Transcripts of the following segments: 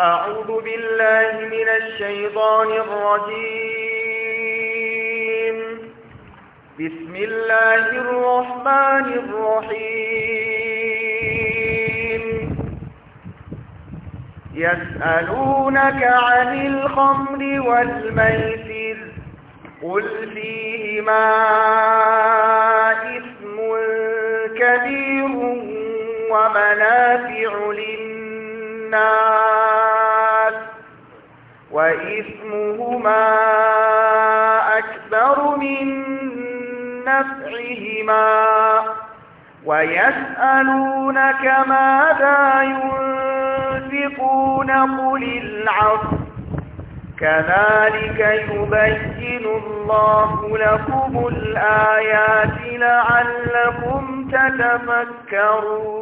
أعوذ بالله من الشيطان الرجيم بسم الله الرحمن الرحيم يسألونك عن الخمر والميسر قل فيهما إثم كبير ومنافع للناس وإثمهما أكبر من نفعهما ويسألونك ماذا ينفقون قل العفو كذلك يبين الله لكم الآيات لعلكم تتفكرون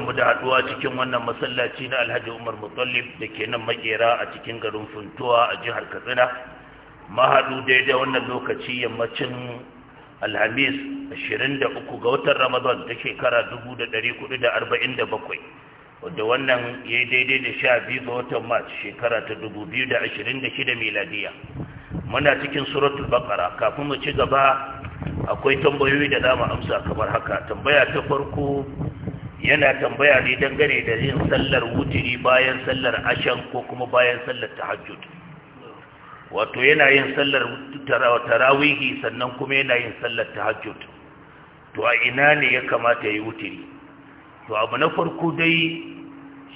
mu da haduwa cikin wannan masallaci na alhaji umar mutallib da ke nan makera a cikin garin funtuwa a jihar katsina mahadu daidai wannan lokaci yammacin alhamis 23 ga watan ramadan ta shekara 1447 wadda wannan ya yi daidai da sha biyu ga watan march shekara ta 2026 miladiya muna cikin suratul bakara kafin mu ci gaba akwai tambayoyi da dama amsa kamar haka tambaya ta farko yana tambaya ne dangane da yin sallar wutiri bayan sallar ashan ko kuma bayan sallar tahajjud wato yana yin sallar tarawihi sannan kuma yana yin sallar tahajjud to a ina ne ya kamata yi wutiri to abu na farko dai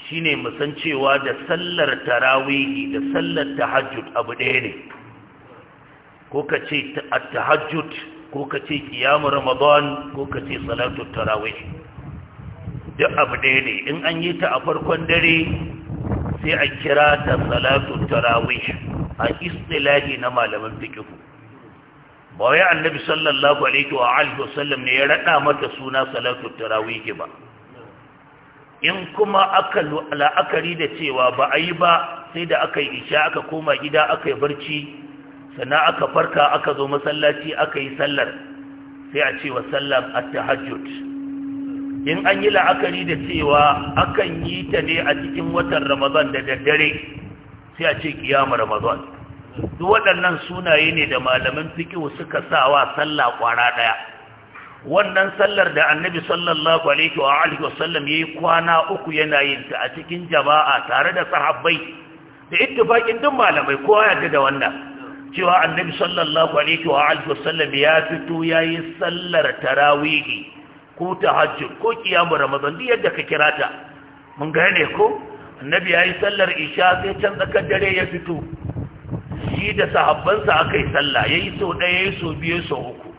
shine musan cewa da sallar tarawihi da sallar tahajjud abu ɗaya ne ko ka ce tahajjud ko ka ce kiyamu ramadan ko ka ce salatu tarawihi duk abu ɗaya ne in an yi ta a farkon dare sai a kira ta salatu tarawih a istilahi na malaman fikihu ba wai annabi sallallahu alaihi wa alihi wasallam ne ya rada mata suna salatu tarawih ba in kuma aka la'akari da cewa ba a yi ba sai da aka yi isha aka koma gida aka yi barci sannan aka farka aka zo masallaci aka yi sallar sai a ce wa sallar at-tahajjud in an yi la'akari da cewa akan yi ta ne a cikin watan ramadan da daddare sai a ce kiyama ramadan duk waɗannan sunaye ne da malaman fikihu suka sawa sallah kwara ɗaya wannan sallar da annabi sallallahu alaihi wa alihi wasallam yayi kwana uku yana yin ta a cikin jama'a tare da sahabbai da ittifaqin duk malamai kowa yarda da wannan cewa annabi sallallahu alaihi wa alihi wasallam ya fito yayi sallar tarawiri. ko tahajjud ko kiyamu ramadan duk yadda ka kira ta mun gane ko annabi yayi sallar isha sai can tsakar dare ya fito shi da sahabbansa akai sallah yayi so ɗaya yayi so biyu so uku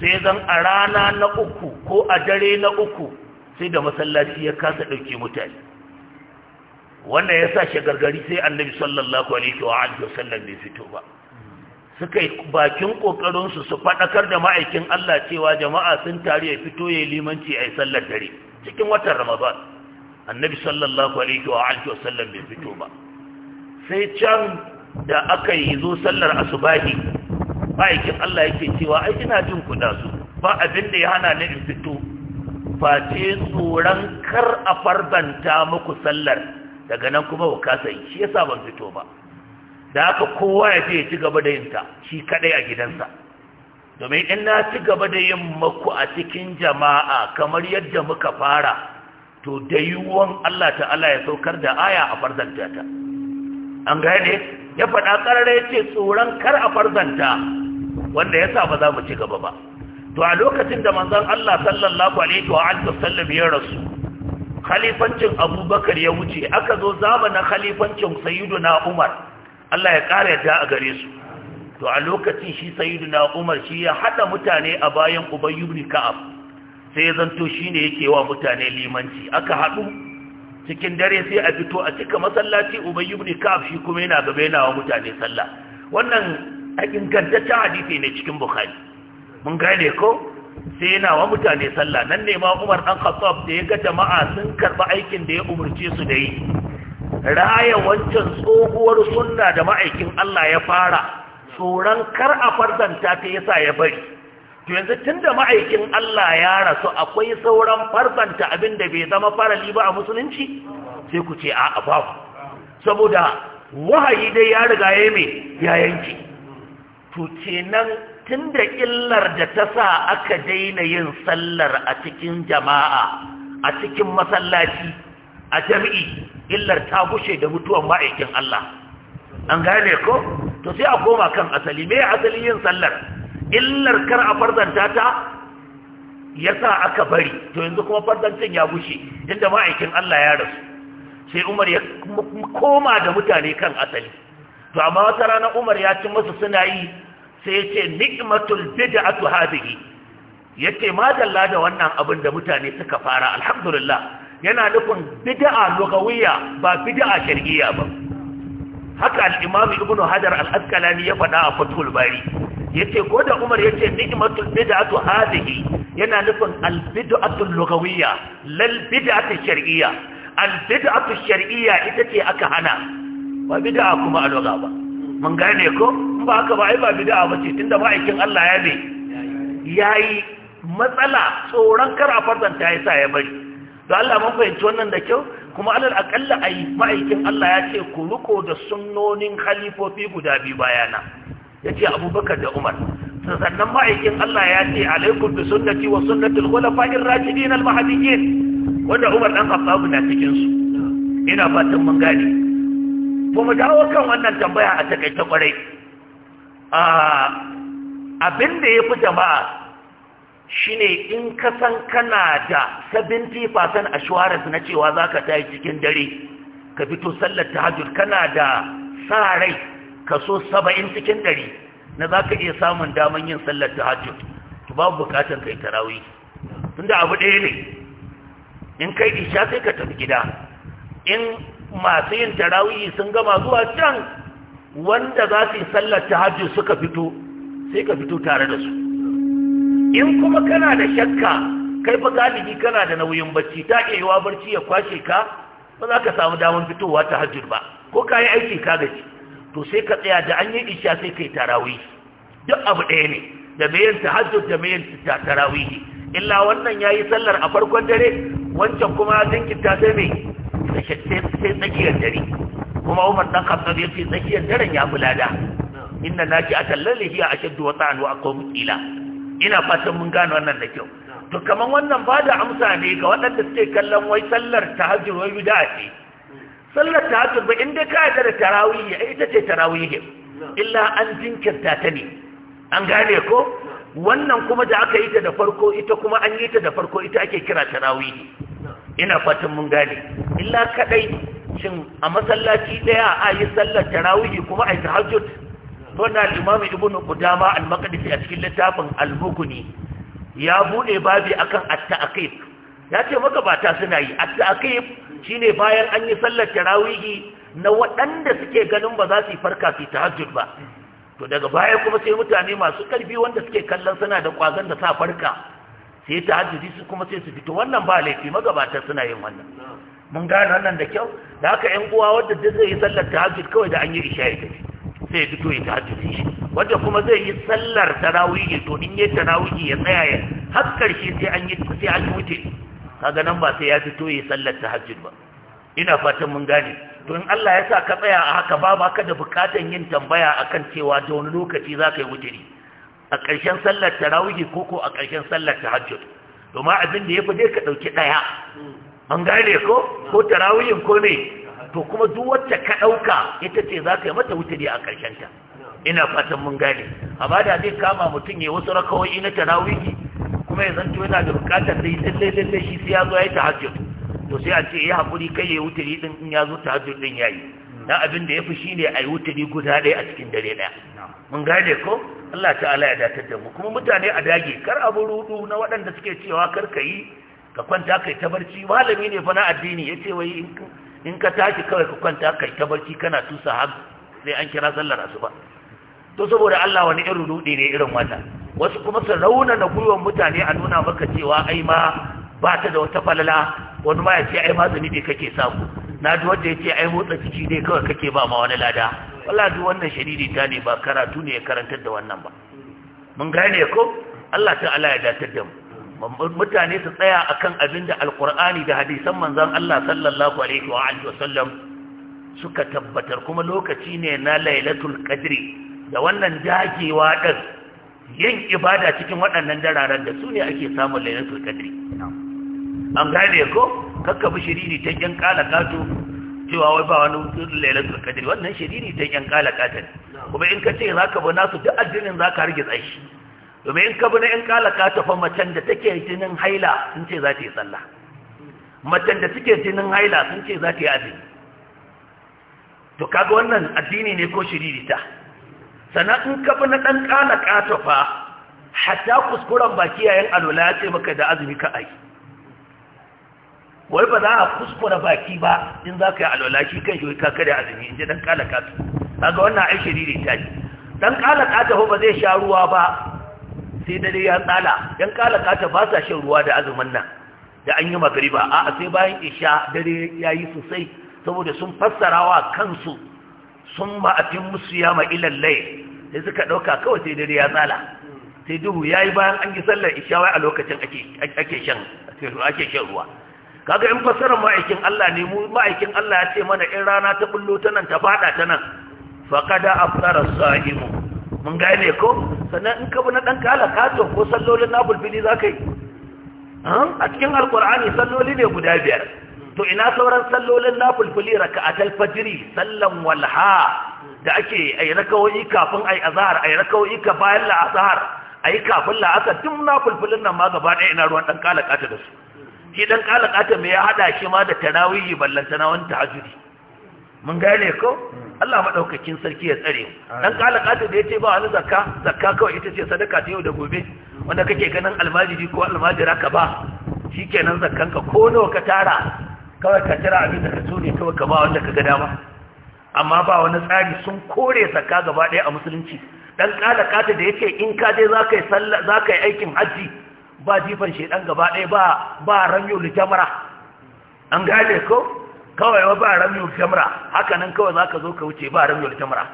sai zan a rana na uku ko a dare na uku sai da masallaci ya kasa ɗauke mutane wannan ya sa shagargari sai annabi sallallahu alaihi wa alihi wasallam bai fito ba suka yi bakin ƙoƙarinsu su faɗakar da ma'aikin Allah cewa jama'a sun taru ya fito ya limanci a yi sallar dare cikin watan Ramadan annabi sallallahu alaihi wa alihi wasallam bai fito ba sai can da aka yi zo sallar asubahi ma'aikin Allah yake cewa ai ina jin ku da su ba abin da ya hana ni in fito ce tsoron kar a farbanta muku sallar daga nan kuma ku kasa yi shi yasa ban fito ba da haka kowa ya je ya ci gaba da yin ta shi kadai a gidansa domin in na ci gaba da yin maku a cikin jama'a kamar yadda muka fara to da yiwuwan Allah ta'ala ya saukar da aya a farzanta ta an gane ya faɗa ƙarar ya ce tsoron kar a farzanta wanda ya sa ba za mu ci gaba ba to a lokacin da manzon Allah sallallahu alaihi wa alihi wasallam ya rasu khalifancin Abubakar ya wuce aka zo zamanin khalifancin Sayyiduna Umar Allah ya ƙara yarda a gare su to a lokacin shi sayyiduna Umar shi ya hada mutane a bayan Ubayy ibn Ka'ab sai ya zanto shine yake wa mutane limanci aka hadu cikin dare sai a fito a cika masallaci Ubayy ibn Ka'ab shi kuma yana gaba yana wa mutane sallah wannan a ta hadisi ne cikin Bukhari mun gane ko sai yana wa mutane sallah nan ne ma Umar dan Khattab da ya ga jama'a sun karba aikin da ya umurce su da yi raya wancan tsohuwar sunna da ma'aikin Allah ya fara tsoron kar a farzanta ta yasa ya bari to yanzu tunda ma'aikin Allah ya rasu akwai sauran farzanta abin da bai zama farali ba a musulunci sai ku ce a'a babu saboda wahayi dai ya riga ya mai ya yanke to ce nan tunda illar da ta sa aka daina yin sallar a cikin jama'a a cikin masallaci a jami'i illar ta bushe da mutuwan ma'aikin Allah an gane ko to sai a koma kan asali me asalin yin sallar illar kar a farzanta ta yasa aka bari to yanzu kuma farzancin ya bushe, inda ma'aikin Allah ya rasu sai Umar ya koma da mutane kan asali to amma wata rana Umar ya ci musu suna yi sai ya ce ni'matul bid'atu hadhihi yace ma dalla da wannan abin da mutane suka fara alhamdulillah yana nufin bid'a lugawiyya ba bid'a shar'iyya ba haka al-imam ibnu hajar al-asqalani ya faɗa a fathul bari yace ko da umar yace ni'matul bid'atu hadhihi yana nufin al-bid'atu lugawiyya lal bid'atu shar'iyya al-bid'atu shar'iyya ita ce aka hana ba bid'a kuma a lugha ba mun gane ko ba haka ba ai ba bid'a bace tunda ma'aikin Allah ya ne yayi matsala tsoron kar a farzanta yasa ya bari da Allah mun fahimci wannan da kyau kuma alal akalla a ma'aikin Allah ya ce ku riko da sunnonin khalifofi guda biyu bayana ya ce abubakar da umar sannan ma'aikin Allah ya ce alaikum bi sunnati wa sunnatil khulafa'ir rashidin al mahdiyyin wanda Umar dan Khattab na cikin su ina fatan mun gane ko mu dawo kan wannan tambaya a takaice kwarai a ah, abin da yafi jama'a shine in ka san kana da a assurance na cewa za ka tayi cikin dare ka fito sallar tahajjud kana da sa rai kaso saba'in cikin dare na za ka iya samun daman yin sallar tahajjud to babu bukatar kai tarawi. tunda abu ɗaya ne in kai isha sai ka tafi gida in masu yin tarawi sun gama zuwa can wanda za su yi sallar tahajjud suka fito sai ka fito tare da su in kuma kana da shakka kai fa galibi kana da nauyin bacci ta ke yiwa barci ya kwashe ka ba za ka samu damar fitowa ta hajjir ba ko ka yi aiki ka gaji to sai ka tsaya da an yi isha sai kai tarawihi. duk abu ɗaya ne da mayan tahajjud da mayan tarawihi. illa wannan ya yi sallar a farkon dare wancan kuma jinkirta sai mai sai tsakiyar dare kuma umar dan khattab ya ce tsakiyar daren ya fi lada inna naki atallalihi a ashaddu wa ta'an wa aqwa qila ina fatan mun gano wannan da kyau to kaman wannan ba da amsa ne ga waɗanda suke kallon wai sallar tahajjud wai bid'a ce sallar tahajjud ba inda ka yarda da tarawih ita ce tarawih illa an jinkirta ta ne an gane ko wannan kuma da aka yi ta da farko ita kuma an yi ta da farko ita ake kira tarawih ina fatan mun gane illa kadai shin a masallaci daya a yi sallar tarawih kuma a yi tahajjud wannan al-imam ibn qudama al-maqdisi a cikin littafin al-bukhari ya bude babi akan at-ta'qib ya ce magabata suna yi at-ta'qib shine bayan an yi sallar tarawihi na waɗanda suke ganin ba za su farka su tahajjud ba to daga baya kuma sai mutane masu karfi wanda suke kallon suna da kwazon da sa farka sai tahajjudi su kuma sai su fito wannan ba laifi magabata suna yin wannan mun gane wannan da kyau da haka ƴan uwa wanda duk zai yi sallar tahajjud kawai da an yi isha'i sai ya fito ya tahajjudi shi wanda kuma zai yi sallar tarawihi to in yi tarawihi ya tsaya ya har karshe sai an yi sai an wuce kaga nan ba sai ya fito ya sallar tahajjud ba ina fatan mun gane to in Allah ya sa ka tsaya a haka ba ba da bukatan yin tambaya akan cewa da wani lokaci za ka yi wuturi a ƙarshen sallar tarawihi ko ko a ƙarshen sallar tahajjud domin abin da ya fi dai ka ɗauki ɗaya an gane ko ko tarawihin ko ne to kuma duk wacce ka ɗauka ita ce za ka yi mata wuturi a ta. ina fatan mun gane amma da zai kama mutum ya wasu rakawai na tarawihi kuma ya zanto yana da bukatar da lallai lallai shi sai ya zo ya yi tahajjud to sai a ce ya haƙuri kai ya yi wuturi din in ya zo tahajjud din ya yi na abin da ya fi shi ne a yi wuturi guda ɗaya a cikin dare ɗaya mun gane ko Allah ta'ala ya datar da mu kuma mutane a dage kar abu rudu na waɗanda suke cewa kar ka yi ka kwanta kai ta barci malami ne fa na addini ya wai in ka tashi kawai ka kwanta kai ta barci kana tusa har sai an kira sallar asuba to saboda Allah wani irin rudi ne irin wannan wasu kuma su rauna na gwiwar mutane a nuna maka cewa ai ma ba ta da wata falala wani ma ya ce ai ma ne kake samu na ji wanda ya ce ai motsa ciki ne kawai kake ba ma wani lada wala duk wannan shadidi ta ne ba karatu ne ya karantar da wannan ba mun gane ko Allah ta'ala ya datar da mu mutane su tsaya akan abin da alkur'ani da hadisan manzan Allah sallallahu alaihi wa alihi wasallam suka tabbatar kuma lokaci ne na lailatul qadri da wannan dagewa ɗan yin ibada cikin waɗannan dararen da su ne ake samun lailatul qadri an gane ko kakka bi shiriri ta yan kalakatu cewa wai ba wani lailatul qadri wannan shiriri ta yan kalakatu kuma in ka ce za ka bi nasu duk addinin ka rige tsashi domin in ka bi na in kalaka tafa macen da take jinin haila sun ce za ta yi sallah macen da take jinin haila sun ce za ta yi azumi to kaga wannan addini ne ko shiririta sannan in ka bi na dan kalaka tafa hatta kuskuren baki yayin alola ya ce maka da azumi ka ai wai ba za a kuskura baki ba in za ka yi alola shi kan shi ka kada azumi in ji dan kalaka to kaga wannan ai shiririta ne dan kalaka tafa ba zai sha ruwa ba sai dare ya tsala yan kala kata ba sa shan ruwa da azumin nan da an yi magariba a sai bayan isha dare ya yi sosai saboda sun fassara wa kansu sun ma'afin musu ya ma'ilan lai sai suka ɗauka kawai sai dare ya tsala sai duhu ya yi bayan an yi sallar isha wai a lokacin ake shan ruwa kaga in fassarar ma'aikin Allah ne mu ma'aikin Allah ya ce mana in rana ta bullo ta nan ta fada ta nan faqada afsara sa'imu mun gane ko sannan in ka bi na ɗan kala ko sallolin na za ka yi a cikin alkur'ani salloli ne guda biyar to ina sauran sallolin na bulbili raka a talfajiri sallan walha da ake a yi rakawoyi kafin a azahar a rakawoyi ka bayan la'asahar a yi kafin la'asar tun na nan ma gaba ɗaya ina ruwan ɗan kala kata da su shi ɗan kala mai ya haɗa shi ma da tanawiyi ballantana wani tahajjudi mun gane ko Allah maɗaukakin sarki ya tsare dan kala kata da yace ba wani zakka zakka kawai ita ce sadaka ta yau da gobe wanda kake ganin almajiri ko almajira ka ba shikenan zakkan ka ko nawa ka tara kawai ka tara abin da ka so ne kawai ka ba wanda ka ga dama amma ba wani tsari sun kore zakka gaba ɗaya a musulunci dan kala kata da yace in ka dai zaka yi sallah zaka yi aikin haji ba jifan shedan gaba ɗaya ba ba ramyo lijamara an gane ko kawai wa ba ramiyul jamra haka nan kawai za ka zo ka wuce ba ramiyul jamra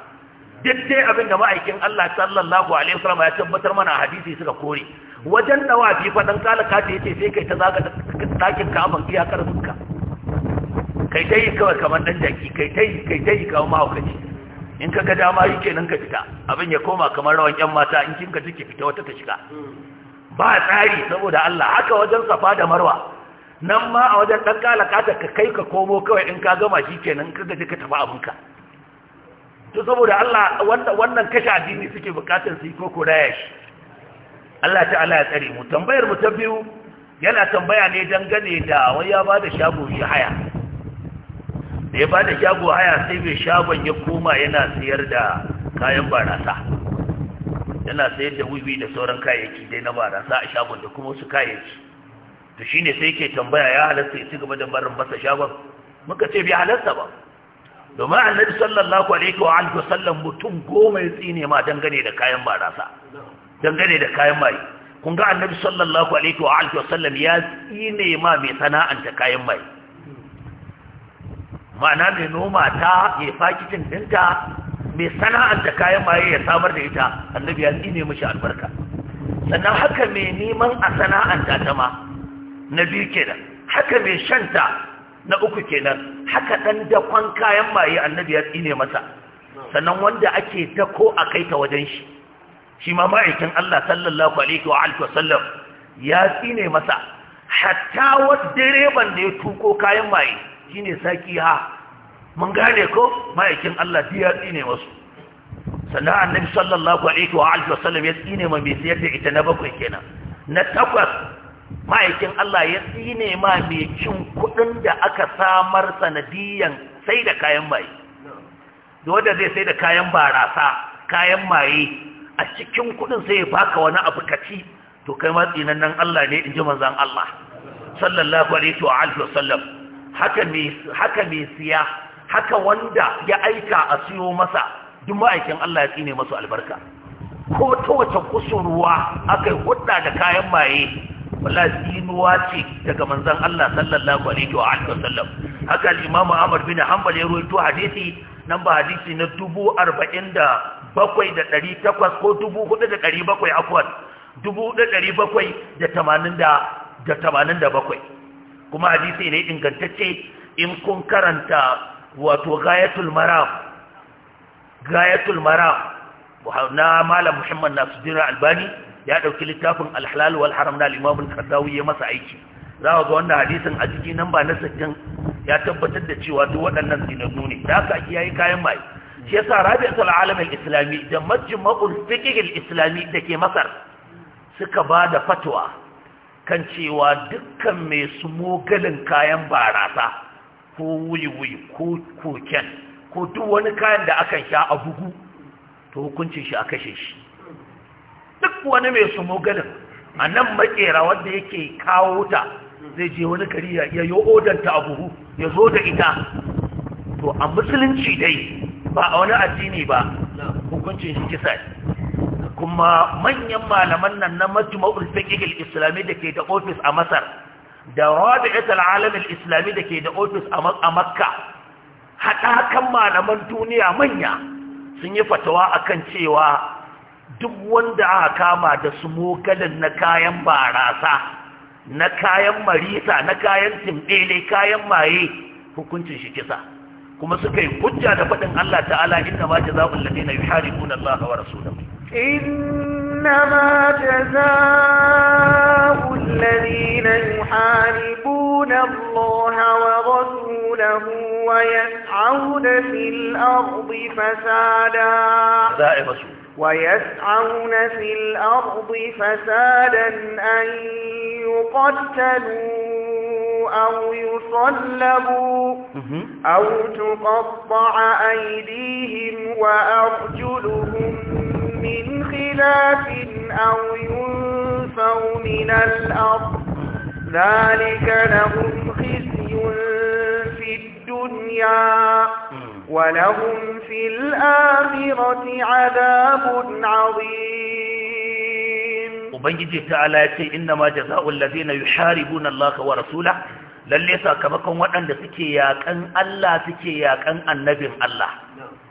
duk dai abin da ma'aikin Allah sallallahu alaihi wasallam ya tabbatar mana hadisi suka kore wajen dawafi fa dan kala ka yace sai kai ta zaga dakin iyakar sunka kai dai kawai kamar dan jaki kai dai kai dai kawo mahaukaci in ka ga dama yi nan ka fita abin ya koma kamar rawan yan mata in ji ki fita wata ta shiga ba tsari saboda Allah haka wajen safa da marwa nan ma a wajen ɗan kalakata ka kai ka komo kawai in ka gama shi kenan ka ji ka tafi abinka to saboda Allah wannan kashe addini suke bukatar su yi koko ya shi Allah ta'ala ya tsare mu tambayar mu ta biyu yana tambaya ne dangane da wai ya ba da shago shi haya da ya ba da shago haya sai mai shagon ya koma yana siyar da kayan barasa yana sayar da wiwi da sauran kayayyaki dai na barasa a shagon da kuma wasu kayayyaki to shine sai yake tambaya ya halasta ya ci gaba da barin masa shagon muka ce bai halasta ba domin annabi sallallahu alaihi wa alihi wasallam mutum goma ya tsine ma dangane da kayan barasa dangane da kayan mai kun ga annabi sallallahu alaihi wa alihi wasallam ya tsine ma mai sana'anta kayan mai ma'ana mai noma ta ya fakitin dinta mai sana'anta kayan maye ya samar da ita annabi ya tsine mishi albarka sannan haka mai neman a sana'anta ta ma na biyu kenan haka mai shanta na uku kenan haka ɗan dakon kayan maye annabi ya tsine masa sannan wanda ake dako a kai ta wajen shi shi ma ma'aikin Allah sallallahu alaihi wa alihi wasallam ya tsine masa hatta wasu direban da ya tuko kayan maye shine saki ha mun gane ko ma'aikin Allah ya tsine masu sannan annabi sallallahu alaihi wa alihi wasallam ya tsine ma mai siyar da ita na bakwai kenan na takwas ma'aikin Allah ya tsine ma mai cin kuɗin da aka samar sanadiyan sai da kayan maye wanda zai sai da kayan barasa kayan maye a cikin kuɗin sai ya baka wani abu kaci to kai ma tsinan nan Allah ne in ji manzan Allah sallallahu alaihi wa alihi wa sallam haka mai siya haka wanda ya aika a siyo masa duk ma'aikin Allah ya tsine masu albarka ko ta wace kusurwa aka yi hudda da kayan maye wallahi sinuwa ce daga manzon Allah sallallahu alaihi wa alihi wasallam haka al-Imam Ahmad bin Hanbal ya ruwaito hadisi nan ba hadisi na 47800 ko 4700 da bakwai. kuma hadisi ne ingantacce in kun karanta wato gayatul maram gayatul maram na malam Muhammad Nasiruddin Albani ya ɗauki littafin alhalal wal haram na limamin kasawi ya masa aiki za ka ga wannan hadisin a ciki nan ba na sittin ya tabbatar da cewa duk waɗannan zinannu ne da aka ake yayi kayan mai shi yasa rabi'atul alam al-islami da majma'ul fiqh al-islami dake masar suka ba da fatwa kan cewa dukkan mai sumogalin kayan barasa ko wuyi-wuyi ko koken ko duk wani kayan da akan sha a bugu to hukuncin shi a kashe shi duk wani mai smogalin a nan makera wanda yake kawo ta zai je wani kari ya yi odanta a buhu ya zo da ita to a musulunci dai ba a wani addini ba hukuncin shi kisa kuma manyan malaman nan na majmu'ul fiqh islami da ke da ofis a Masar da rabi'at al-alam al-islami da ke da ofis a Makka kan malaman duniya manya sun yi fatawa akan cewa duk wanda aka kama da smokalin na kayan barasa na kayan marisa na kayan timbele kayan maye hukuncin shi kisa kuma suka yi hujja da faɗin Allah ta'ala inna ma jazaa'ul ladina yuharibuna Allah wa rasulahu إنما جزاء الذين يحاربون الله ورسوله ويسعون في الأرض فسادا ويسعون في الأرض فسادا أن يقتلوا أو يصلبوا أو تقطع أيديهم وأرجلهم من خلاف أو ينفوا من الأرض ذلك لهم خزي في الدنيا ولهم في الآخرة عذاب عظيم وبنجي تعالى يتي إنما جزاء الذين يحاربون الله ورسوله lalle sakamakon وعند suke yaƙan Allah suke yaƙan annabin Allah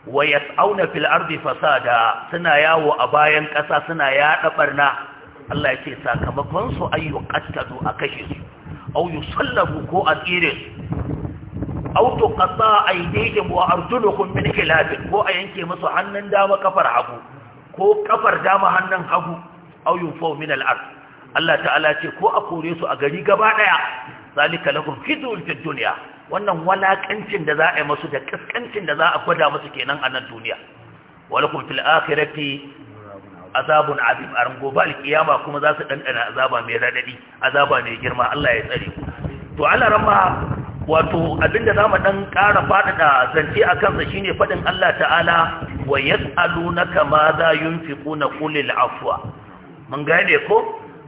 wa yas'auna fil ardi fasada suna yawo a bayan ƙasa suna yaɗa barna Allah ya ce sakamakon su ayyu qattalu a kashe su aw yusallabu ko a aw tuqata aydihim wa arjuluhum min khilaf ko a yanke musu hannun dama kafar hagu ko kafar dama hannun hagu aw yunfaw min al ard Allah ta'ala ce ko a kore su a gari gaba daya zalika lahum khizyun fid dunya wannan walakancin da za a yi masu da kaskancin da za a gwada masu kenan a nan duniya walakum fil akhirati azabun azim a rango ba alkiyama kuma za su dandana azaba mai raɗaɗi, azaba mai girma Allah ya tsare to Allah ramma wato abinda zamu ɗan ƙara faɗaɗa zance a kansa shine faɗin Allah ta'ala wa na ma za kuna qulil afwa mun gane ko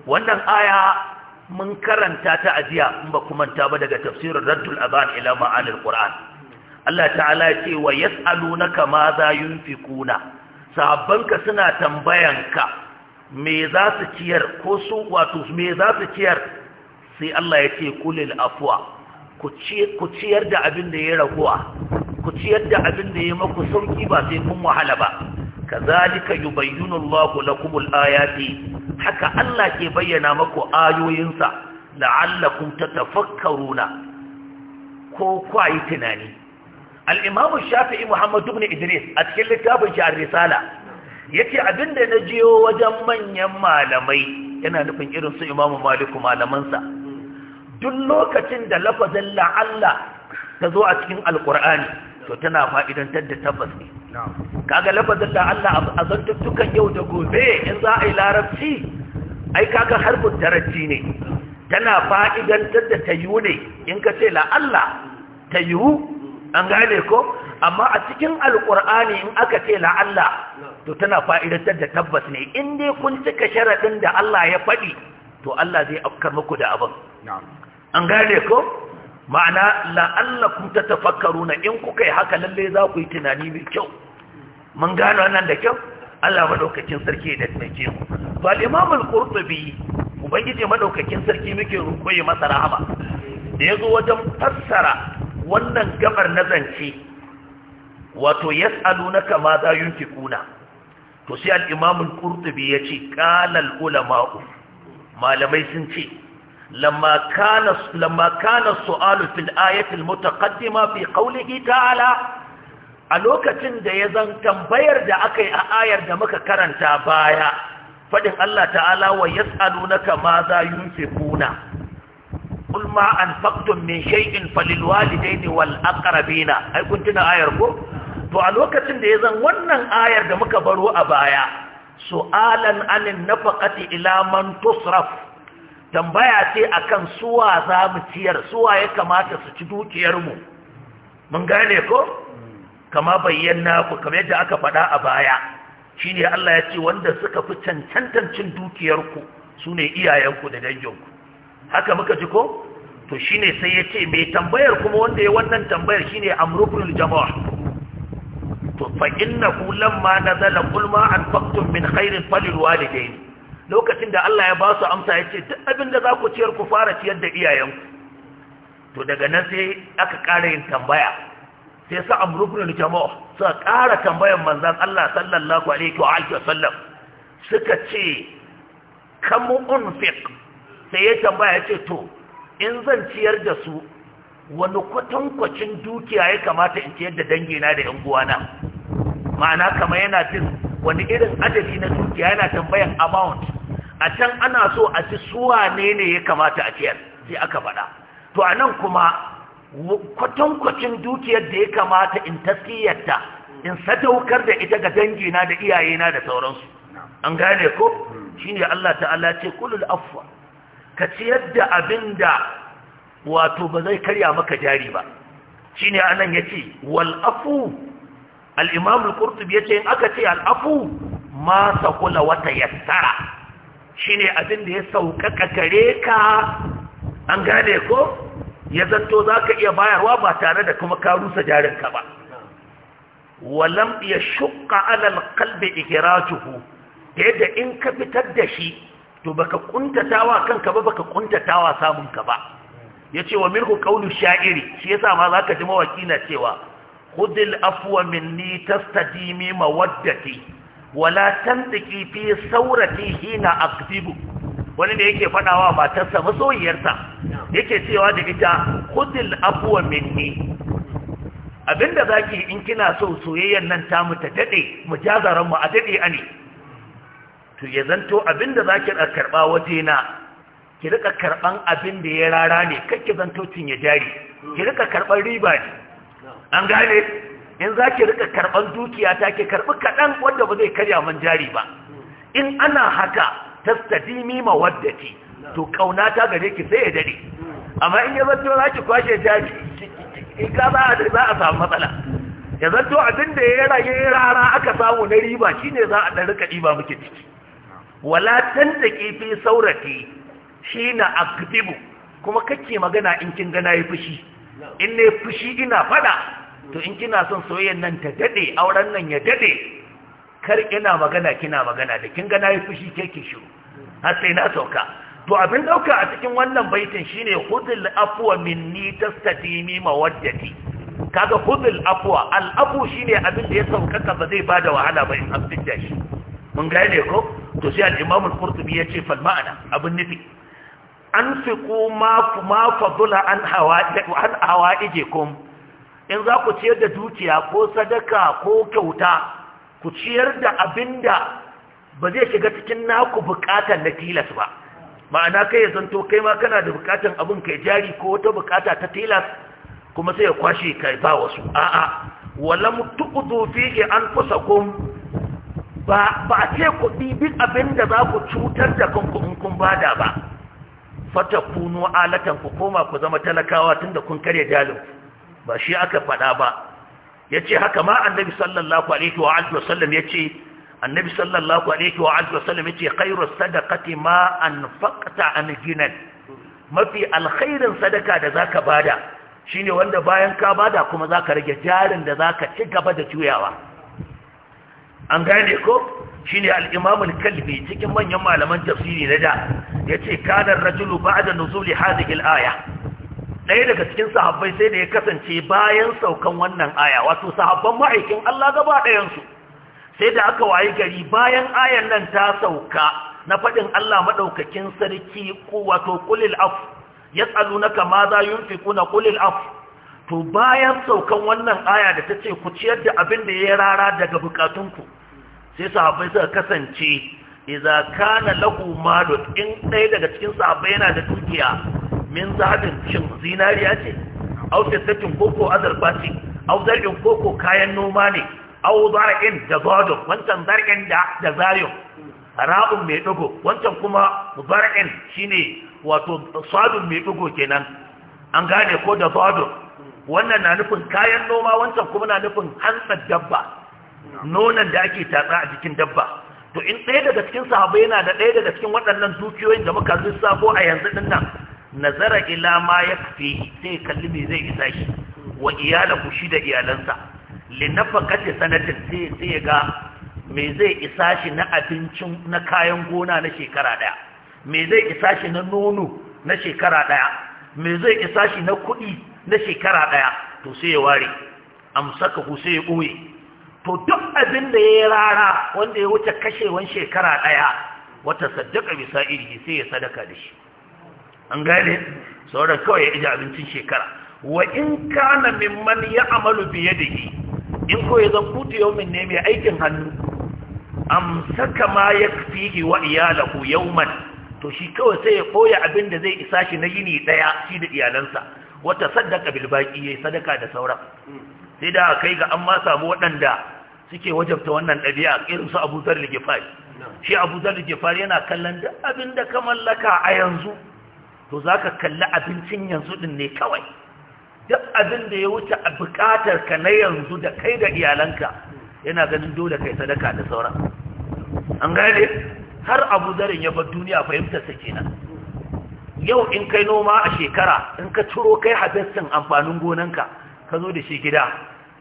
wannan aya mun karanta ta ajiya in ba kuma ta ba daga tafsirin raddul azan ila ma'anil qur'an Allah ta'ala ya ce wa yas'alunaka ma za yunfikuna sahabbanka suna tambayanka me za su ciyar ko su wato me za su ciyar sai Allah ya ce kulil afwa ku ciyar da abin da ya raguwa ku ciyar da abin da ya maku sauki ba sai kun wahala ba kazalika yubayyinu Allahu lakum al-ayati haka Allah ke bayyana maku ayoyinsa la'allakum tatafakkaruna ko kwayi tunani al-Imam Shafi'i Muhammad ibn Idris a cikin littafin shi Ar-Risala yace abinda na jiyo wajen manyan malamai yana nufin irin su Imam Malik malamansa duk lokacin da lafazin la'alla ta zo a cikin al to tana fa'idantar da tabbas ne kaga lafazin da Allah a zantuttukan yau da gobe in za a yi larabci ai kaga harbin darasi ne tana fa'idantar da tayu ne in ka ce la'alla tayu an gane ko amma a cikin alƙur'ani in aka ce la'alla to tana fa'idantar da tabbas ne in dai kun cika sharaɗin da Allah ya faɗi to Allah zai afkar muku da abin an gane ko ma'ana la'alla kun ta tafakkaru na in kuka yi haka lalle za ku yi tunani mai kyau mun gano wannan da kyau Allah madaukakin sarki da tsake mu to al-Imam al-Qurtubi ubangiji madaukakin sarki muke rukoye masa rahama da yazo wajen fassara wannan gabar zance wato yas'alunaka ma za yunfikuna to sai al-Imam al-Qurtubi yace qala al-ulama malamai sun ce lamma kana lamma kana su'alu fil ayati al-mutaqaddima fi qawlihi ta'ala a lokacin da ya zan tambayar da aka yi a ayar da muka karanta baya faɗin Allah ta'ala wa yas'alunaka ma za yunfiquna qul ma anfaqtum min shay'in ne wal aqrabina ai kun tuna ayar ko to a lokacin da ya zan wannan ayar da muka baro a baya su'alan anin nafaqati ila man tusraf tambaya ce akan suwa za mu ciyar suwa ya kamata su ci dukiyar mu mun gane ko kama bayyana ku kamar yadda aka faɗa a baya shine Allah ya ce wanda suka fi cin dukiyarku su ne iyayenku da danginku haka muka ji ko to shine sai ya ce mai tambayar kuma wanda ya wannan tambayar shine amrubul jama'a to fa innahu lamma nazala qul ma anfaqtum min khairin falil walidain lokacin da Allah ya ba su amsa ya ce duk abin da za ku ciyar ku fara ciyar da iyayenku to daga nan sai aka ƙara yin tambaya sai sa amrukun likamo suka ƙara tambayan manzan Allah sallallahu alaihi wa alihi wasallam suka ce kamu unfiq sai ya tambaya ya ce to in zan ciyar da su wani kwatankwacin dukiya ya kamata in ciyar da dangina da yan na? ma'ana kamar yana jin wani irin adadi na dukiya yana tambayan amount a can ana so a ci suwa ne ne ya kamata a ciyar sai aka faɗa to a nan kuma kwatankwacin dukiyar da ya kamata in taskiyarta in sadaukar da ita ga dangina da iyayena da sauransu an gane ko Shi ne Allah ta'ala ce kulul afwa ka ciyar da wato ba zai karya maka jari ba Shi ne anan yace wal afu Al'imamul imam ya ce in aka ce al'afu afu ma wata yassara Shi ne abin da ya sauƙaƙa gare ka an gane ko ya zanto za ka iya bayarwa ba tare da kuma ka rusa jarinka ba walam ya shukka alal kalbe ikiracuhu ta yadda in ka fitar da shi to baka kuntatawa kanka ba baka kuntatawa samunka ba yace wa Mirku qawlu sha'iri shi yasa ma ka ji mawaki na cewa khudil afwa minni tastadimi mawaddati wala tantiki fi saurati hina aqdibu wani da yake faɗawa matarsa masoyiyarsa yake cewa da ita khudil afwa minni abinda zaki in kina so soyayyan nan ta mu ta dade mu jazaran mu a dade ani to ya zanto abinda zaki da karba waje na ki rika karban abin da ya rara ne kake zanto cin ya jari ki rika karban riba ne an gane in zaki rika karban dukiya take ki karbi kadan wanda ba zai karya man jari ba in ana haka tastadimi mawaddati to kauna ta gare ki sai ya dade amma in ya zanto za ki kwashe ta in ka ba a za a samu matsala ya zanto abin da ya rage rara aka samu na riba shine za a dan rika riba muke ciki wala tantake fi saurati shine akdibu kuma kake magana in kin ga nayi fushi in ne fushi ina fada to in kina son soyayyen nan ta dade auren nan ya dade kar ina magana kina magana da kin ga nayi fushi ke ke shiru har sai na sauka to abin dauka a cikin wannan baitin shine khudul afwa minni tastadimi mawaddati kaga khudul afwa al afu shine abin da ya sauka ba zai bada wahala ba in abin da shi mun gane ko to sai al imam al qurtubi yace fal ma'ana abin nufi anfiqu ma ma fadula an hawa an kom. in za ku ciyar da dukiya ko sadaka ko kyauta ku ciyar da abin da ba zai shiga cikin naku bukatar na tilas ba ma'ana kai ya zanto kai ma kana da bukatar abin kai jari ko wata bukata ta tilas kuma sai ya kwashe kai ba wasu a'a wala ke an kusa kun. ba a ce ku ɗibin abin da za ku cutar da kanku in kun bada ba kuno alatan ku koma ku zama talakawa tunda kun karya jalin ba shi aka faɗa ba yace haka ma annabi sallallahu alaihi wa alihi wasallam yace annabi sallallahu alaihi wa alihi wasallam yace khairu sadaqati ma anfaqta an jinan mafi alkhairin sadaka da zaka bada shine wanda bayan ka bada kuma zaka rage jarin da zaka ci gaba da juyawa an gane ko shine al-imam al-kalbi cikin manyan malaman tafsiri na da yace kana ar-rajulu ba'da nuzuli hadhihi al-aya ɗaya daga cikin sahabbai sai da ya kasance bayan saukan wannan aya wato sahabban ma'aikin Allah gaba ɗayansu sai da aka wayi gari bayan ayan nan ta sauka na faɗin Allah maɗaukakin sarki wato kulil af na kama za kuna kulil af to bayan saukan wannan aya da ta ce ku ciyar da abin da ya rara daga bukatunku sai sahabbai suka kasance idza kana lahu malu in ɗaya daga cikin sahabbai yana da dukiya min zahabin shin zinariya ce au tattakin koko azurfa ce au zargin koko kayan noma ne au zargin da godon wancan zargin da da ra'un mai ɗugo wancan kuma shi ne wato sadun mai ɗugo kenan an gane ko da godon wannan na nufin kayan noma wancan kuma na nufin hantsar dabba nonon da ake tatsa a jikin dabba to in ɗaya daga cikin sahabai yana da ɗaya daga cikin waɗannan dukiyoyin da muka lissafo a yanzu ɗin nan nazara ila ma yakfi sai kalli me zai isa shi wa iyalahu shi da iyalansa li nafaqati sanatin sai sai ga me zai isa shi na abincin na kayan gona na shekara daya me zai isa shi na nono na shekara daya me zai isa shi na kuɗi na shekara daya to sai ya ware amsaka ku sai ya ɓoye to duk abin da ya yi rara wanda ya wuce kashewan shekara daya wata saddaka bisa iri sai ya sadaka da shi an gane saboda kawai ya ija abincin shekara wa in kana mimman ya amalu biye da yi in ko ya zan kutu yau min ne mai aikin hannu amsaka ma ya fihi wa iyalahu yauman to shi kawai sai ya koya abin da zai isa shi na yini daya shi da iyalansa wata sadaka bil ya yi sadaka da sauran sai da kai ga an ma samu waɗanda suke wajabta wannan ɗabi'a irin su Abu Dharr al shi Abu Dharr al yana kallon duk abin da ka mallaka a yanzu to za ka kalli abincin yanzu ɗin ne kawai duk abin da ya wuce a buƙatar ka na yanzu da kai da iyalanka yana ganin dole kai sadaka da sauran an gane har abu zarin ya bar duniya fahimtar sa kenan yau in kai noma a shekara in ka ciro kai habestin amfanin gonanka ka zo da shi gida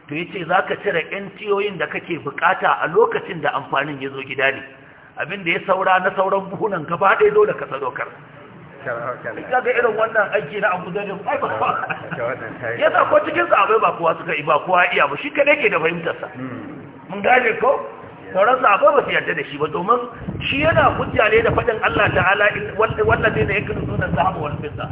to yace za ka cire yan tiyoyin da kake buƙata a lokacin da amfanin ya zo gida ne abin da ya saura na sauran buhunan gaba ɗaya dole ka sadaukar kaga irin wannan aiki na abu dajin ai ya sa ko cikin sahabai ba kowa suka ba kowa iya ba shi kadai ke da fahimtarsa hmm. mun gane ko sauran sahabai ba su yarda da shi ba domin shi yana hujja ne da faɗin Allah ta'ala wallazi ne yake nuna sahabu wani fisa.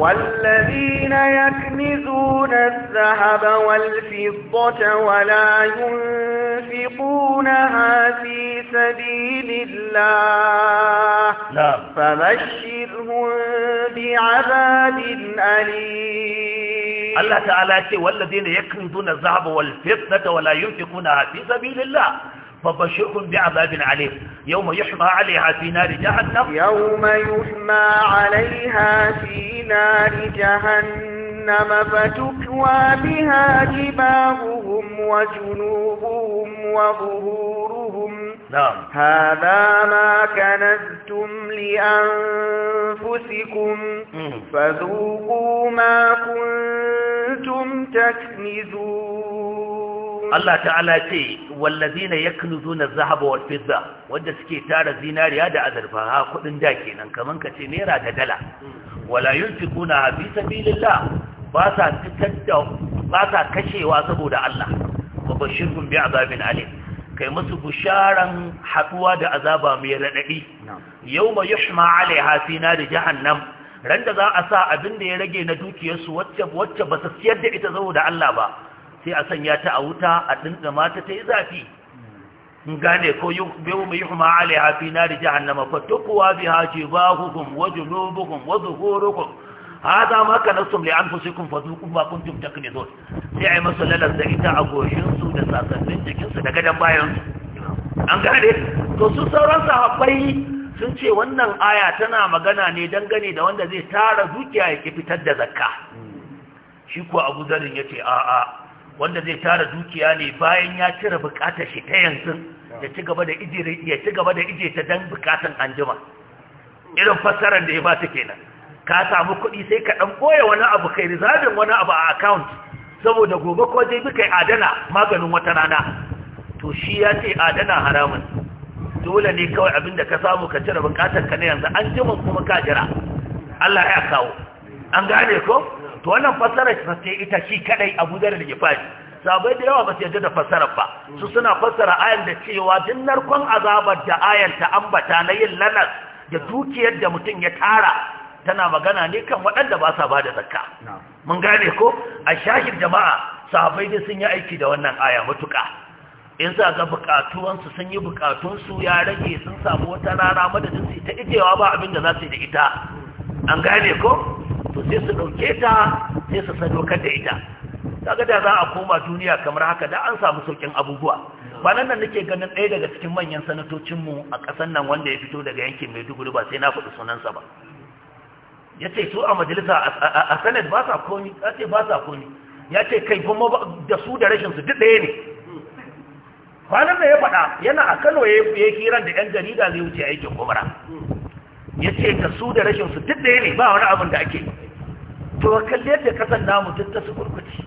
والذين يكنزون الذهب والفضة ولا ينفقونها في سبيل الله لا. فبشرهم بعذاب أليم الله تعالى والذين يكنزون الذهب والفضة ولا ينفقونها في سبيل الله فبشرهم بعذاب عليم يوم يحمى عليها في نار جهنم يوم يحمى عليها في نار جهنم فتكوى بها جباههم وجنوبهم وظهورهم نعم هذا ما كنزتم لأنفسكم فذوقوا ما كنتم تكنزون Allah ta'ala ce wallazina yaknuzuna dhahaba wal fidda wanda suke tara zinariya da azurfa ha kudin da kenan kaman ka ce naira da dala wala yunfikuna fi sabilillah ba sa fitar da ba sa kashewa saboda Allah wa bashirhum bi azabin alim kai musu bisharan haduwa da azaba mai radadi yawma yushma alaiha fi nar jahannam randa za a sa abin da ya rage na dukiyarsu wacce wacce ba su siyar da ita saboda Allah ba sai a sanya ta a wuta a dindima mata ta yi zafi in gane ko yau mai yuhma alaiha fi nari jahannama fattukuwa biha jibahukum wa junubukum wa zuhurukum hada ma kanastum kun ba kun ma kuntum taknizun sai a yi masu lalar da ita a goshinsu su da sasannin jikin su da gadon bayan su an gane to su sauran sahabbai sun ce wannan aya tana magana ne dangane da wanda zai tara dukiya ya ke fitar da zakka shi ko Abu Zarin ya ce a'a. wanda zai tara dukiya ne bayan ya cire bukatar shi ta yanzu ya ci gaba da ije ya ci gaba da ije ta dan bukatan anjima irin fassarar da ya ba ta kenan ka samu kuɗi sai ka dan koya wani abu kai rizabin wani abu a account saboda gobe ko dai bi kai adana maganin wata rana to shi ya ce adana haramun dole ne kawai abin da ka samu ka cire bukatar ka na yanzu anjima kuma ka jira Allah ya kawo an gane ko to wannan fassara ta sai ita shi kadai Abu Darr al-Ghifari sabai da yawa ba su yarda da fassarar ba su suna fassara ayan da cewa duk narkon azabar da ayan ta ambata na yin lanas da dukiyar da mutum ya tara tana magana ne kan waɗanda ba sa bada zakka mun gane ko a shahir jama'a sabai da sun yi aiki da wannan aya matuƙa in za ga buƙatuwansu sun yi buƙatunsu ya rage sun samu wata rana madadin su ta ijewa ba abin da za su yi da ita an gane ko to sai su ɗauke ta sai su sadaukar da ita daga da za a koma duniya kamar haka da an samu saukin abubuwa ba nan nan nake ganin ɗaya daga cikin manyan sanatocinmu a ƙasar nan wanda ya fito daga yankin maiduguri ba sai na faɗi sunansa ba ya ce su a majalisa a sanad ba sa komi ya ce ba sa komi ya ce kai kuma da su da rashinsu duk ɗaya ne kwanan da ya faɗa yana a kano ya yi kiran da 'yan jarida zai wuce aikin gobara ya ce ka su da rashin su duk da ne ba wani abin da ake to kalli yadda kasan namu duk ta su kurkuci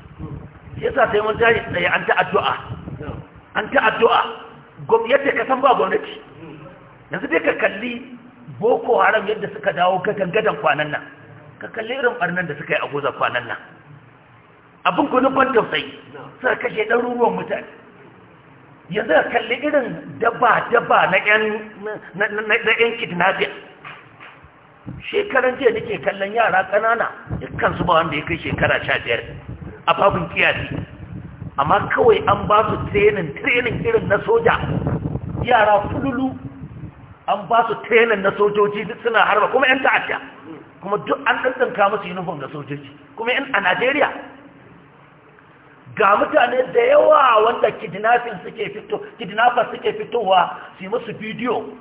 yasa sai mun tashi tsaye an ta addu'a an ta addu'a gwamnati ka ba gwamnati yanzu dai ka kalli boko haram yadda suka dawo ka gangadan kwanan nan ka kalli irin barnan da suka yi a goza kwanan nan abin gudun ban tausayi suka kashe ɗaruruwan mutane yanzu ka kalli irin daba daba na 'yan kidnapping shekaran jiya nake kallon yara ƙanana dukkan su ba wanda ya kai shekara sha biyar a babin kiyasi amma kawai an ba su trenin trenin irin na soja yara fululu an ba su trenin na sojoji duk suna harba kuma yan ta'adda kuma duk an ɗanɗanka musu uniform da sojoji kuma yan a najeriya ga mutane da yawa wanda kidnapping suke fito kidnappers suke fitowa su yi musu bidiyo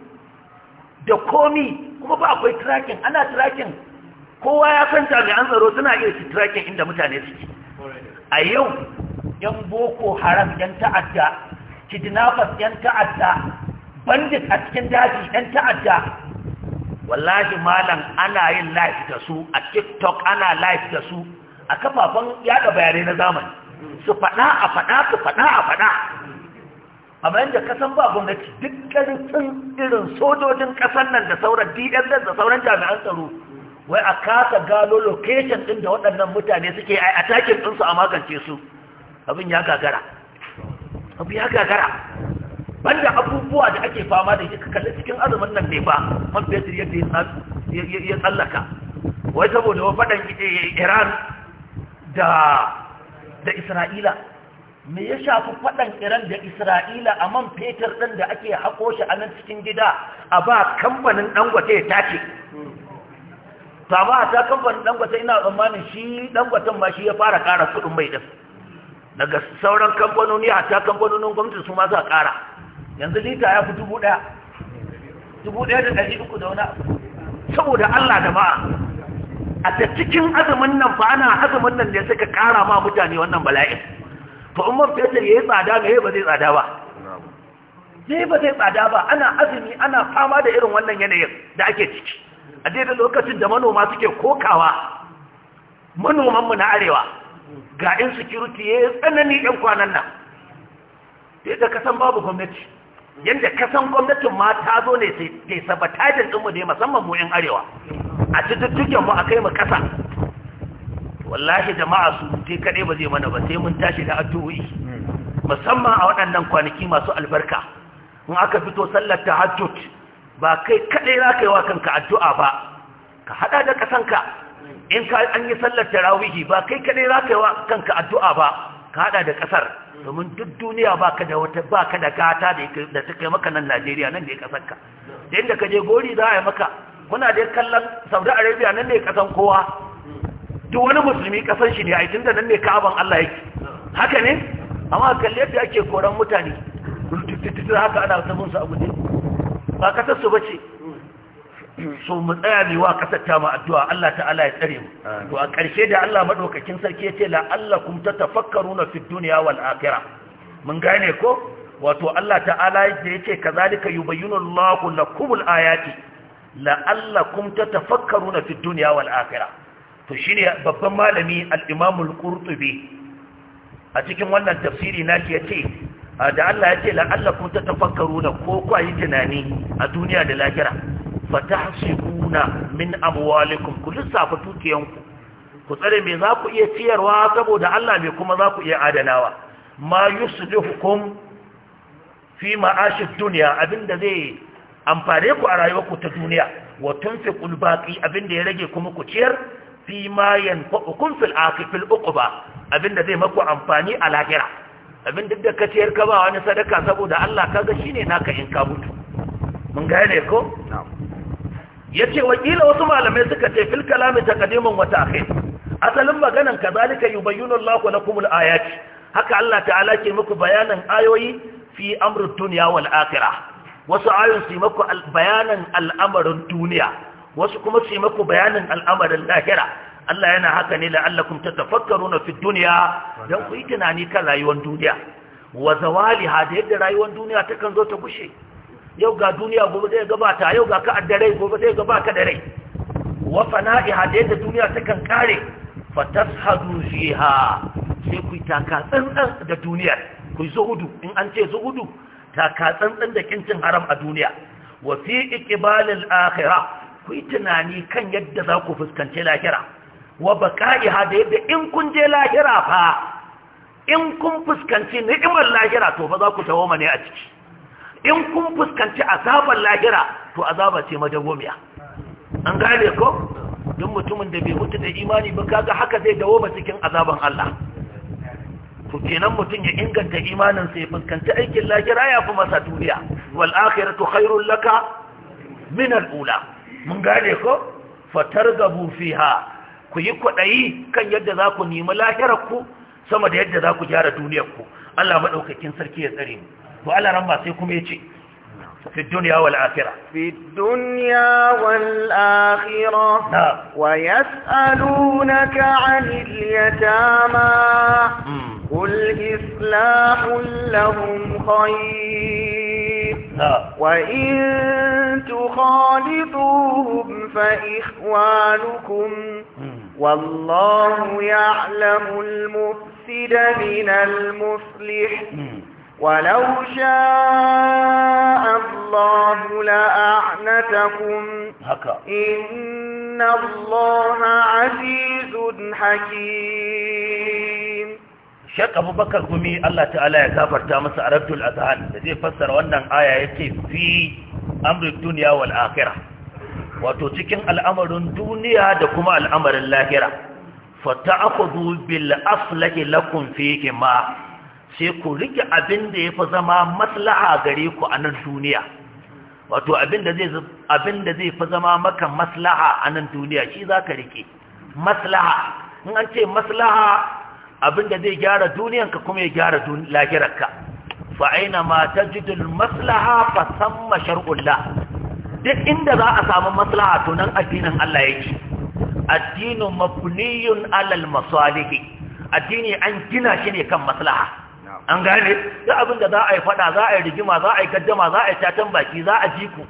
da komi kuma ba akwai tracking ana tracking kowa ya san jami'an tsaro suna iya su tracking inda mutane suke a yau yan boko haram yan ta'adda kidnappers yan ta'adda bandit a cikin daji yan ta'adda wallahi malam ana yin live da su a tiktok ana live da su a kafafen yada bayanai na zamani su faɗa a faɗa su faɗa a faɗa amma yadda kasan ba gwamnati duk ƙarfin irin sojojin ƙasar nan da sauran dss da sauran jami'an tsaro wai a kasa gano location ɗin da waɗannan mutane suke a takin ɗinsu a magance su abin ya gagara abin ya gagara banda abubuwa da ake fama da ka kalli cikin azumin nan ne ba man fetur yadda ya tsallaka wai saboda wa faɗan eh, iran da isra'ila me ya shafi faɗan iran da isra'ila a man fetur ɗin da ake haƙo shi a nan cikin gida a ba kamfanin ɗangwata ya tace ta ba ta kamfanin ɗangwata ina tsammanin shi ɗangwatan ma shi ya fara ƙara kuɗin mai ɗin daga sauran kamfanoni a ta kamfanonin gwamnati su ma za ƙara yanzu lita ya fi dubu ɗaya dubu ɗaya da ɗari uku da wani saboda allah da ma'a a ta cikin azumin nan fa ana azumin nan ne suka ƙara ma mutane wannan bala'in ba umar man fetur ya yi tsada me ba zai tsada ba ne ba zai tsada ba ana azumi ana fama da irin wannan yanayin da ake ciki a daidai lokacin da manoma suke kokawa manomanmu na arewa ga insecurity ya yi tsanani yan kwanan nan yadda kasan babu gwamnati yadda kasan gwamnatin ma ta zo ne sai sabatajin ɗinmu ne musamman mu yan arewa a cikin mu a kai mu kasa wallahi jama'a su te kadai ba zai mana ba sai mun tashi da addu'o'i musamman a waɗannan kwanaki masu albarka in aka fito sallar tahajjud ba kai kaɗai za ka yi wa kanka addu'a ba ka haɗa da kasanka in ka an yi sallar tarawihi ba kai kaɗai za ka yi wa kanka addu'a ba ka haɗa da ƙasar domin duk duniya ba ka da wata ba ka da gata da ta kai maka nan najeriya nan da ya ƙasarka da inda ka je gori za a yi maka kuna da kallon saudi arabia nan ne ƙasan kowa duk wani musulmi kasan shi ne a tun da nan ne ka'aban Allah yake haka ne amma kalli yadda ake koran mutane tutututun haka ana samun su a ne ba kasar su bace so mu tsaya ne wa kasar ta ma addu'a Allah ta'ala ya tsare mu to a ƙarshe da Allah madaukakin sarki ya ce, la'alla yace ta allakum na fid dunya wal akhirah mun gane ko wato Allah ta'ala da yace kazalika yubayyinu Allahu lakum al ayati ta allakum na fid dunya wal akhirah to ne babban malami alimamul imam a cikin wannan tafsiri naki yace da Allah ta la'allakum tatafakkaruna ko kwayi tunani a duniya da lahira fatahsibuna min amwalikum ku lissafa tukiyanku ku tsare me za ku iya ciyarwa saboda Allah me kuma za ku iya adanawa ma yuslihukum fi ma'ashin duniya abinda zai amfane ku a rayuwarku ta duniya wa baƙi baqi abinda ya rage kuma ku ciyar fi ma yanfa'ukum fil aqifil uqba abinda zai maku amfani a lahira abin duk da ka ciyar ka ba wani sadaka saboda Allah kaga shine naka in ka mutu mun gane ko yace wakila wasu malamai suka ce fil kalami taqdimun wa ta'khir asalin maganan kazalika yubayyinu Allahu lakum al-ayat haka Allah ta'ala ke muku bayanan ayoyi fi amrud dunya wal akhirah wasu ayoyin su maku bayanan al'amarin duniya wasu kuma su yi maku bayanin al'amarin lahira Allah yana haka ne la'allakum tatafakkaruna fi dunya dan ku yi tunani kan rayuwar duniya wa zawali zawaliha da yadda rayuwar duniya ta kan zo ta gushe yau ga duniya gobe zai gabata yau ga ka rai gobe zai gabata da rai wa fana'iha da yadda duniya ta kan kare fatashadu fiha sai ku taka tsantsan da duniyar ku zuhudu in an ce zuhudu taka tsantsan da kincin haram a duniya wa fi iqbalil akhirah ku yi tunani kan yadda za ku fuskanci lahira wa baka'iha da yadda in kun je lahira fa in kun fuskanci ni'imar lahira to fa za ku tawo ne a ciki in kun fuskanci azabar lahira to azaba ce majagomiya an gane ko don mutumin da bai mutu da imani ba kaga haka zai dawo ba cikin azaban Allah to kenan mutum ya inganta imanin ya fuskanci aikin lahira ya fi masa duniya wal akhiratu khairul laka min al ula mun gane ko fatar gabu bufiha. ku yi kwaɗayi kan yadda za ku nemi lahirarku sama da yadda za ku gyara duniyarku Allah maɗaukakin sarki ya tsare mu Ba Allah ran ba sai kuma ya ce في الدنيا والآخرة في الدنيا والآخرة نعم ويسألونك عن اليتامى قل إصلاح لهم خير نعم. وإن تخالطوهم فإخوانكم والله يعلم المفسد من المصلح ولو شاء الله لأعنتكم إن الله عزيز حكيم shek abubakar gumi allah ta'ala ya gafarta masa arabtul azhar da zai fassara wannan aya yake fi amrin duniya wal akhirah wato cikin al'amarin duniya da kuma al'amarin lahira fata'khudhu bil aflahi lakum fihi ma sai ku rike abin da yafi zama maslaha gare ku a nan duniya wato abin da zai fi zama maka maslaha a nan duniya shi zaka rike maslaha in an ce maslaha abinda zai gyara duniyarka, kuma ya gyara lahirarka fa aina ma tajidul maslaha fa samma shar'ullah duk inda za a samu maslaha to nan addinin Allah yake addinu mabniyun alal masalih addini an gina shi ne kan maslaha an gane duk abinda za a yi fada za a yi rigima za a yi gaddama za a yi tatan baki za a ku,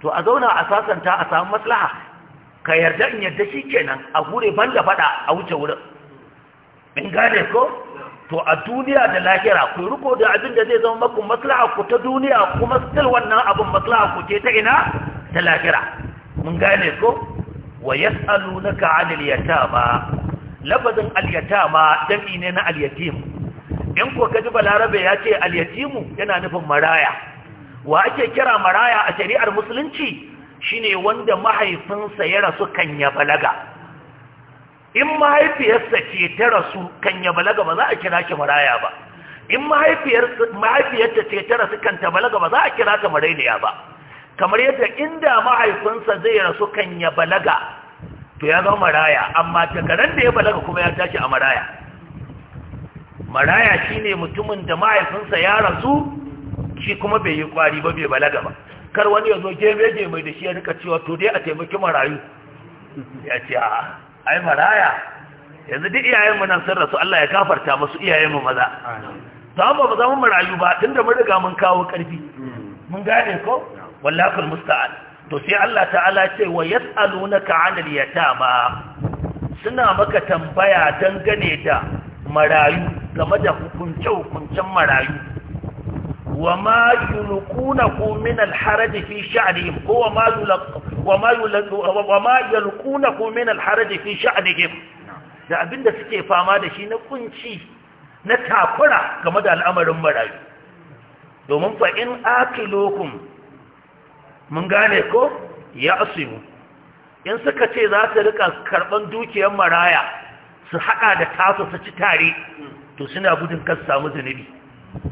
to a zauna a sasanta a samu maslaha ka yarda in yarda shi kenan a gure ban da fada a wuce wurin in gane ko to a duniya da lahira ku riko da abin da zai zama maku maslaha ku ta duniya kuma still wannan abin maslaha ku ce ta ina ta lahira mun gane ko wa yas'alunaka 'anil yatama lafazin al-yatama dami ne na al-yatim in ko kaji balarabe ya ce al-yatimu yana nufin maraya wa ake kira maraya a shari'ar musulunci shine wanda mahaifinsa ya rasu kan ya balaga in mahaifiyarsa ce ta rasu kan ya balaga ba za a kira shi maraya ba in mahaifiyarta ce ta rasu kan ta balaga ba za a kira ta marainiya ba kamar yadda inda mahaifinsa zai rasu kan ya balaga to ya zama maraya amma takarar da ya balaga kuma ya tashi a maraya maraya shine mutumin da mahaifinsa ya rasu shi kuma bai yi kwari ba bai balaga ba kar wani ya zo geme mai da shi ya rika cewa to dai a taimaki marayu ya ce a ai maraya yanzu duk mu nan sun rasu Allah ya gafarta musu mu maza za mu ba za mu marayu ba tunda mun riga mun kawo karfi hmm. mun gane ko wallahul Musta'al to sai Allah ta'ala ce wa yas'alunaka 'anil yatama suna maka tambaya dangane da marayu game da hukunce hukuncen marayu wa ma yulquna min al-haraj fi sha'rihim ko wa ma yulquna وما وما يلقونه من الحرج fi sha'nihim da abinda suke fama da shi na kunci na takura game da al'amarin marayu domin fa in akilukum mun gane ko ya asimu in suka ce za su rika karban dukiyar maraya su haɗa da tasu su ci tare to suna gudun kan samu zunubi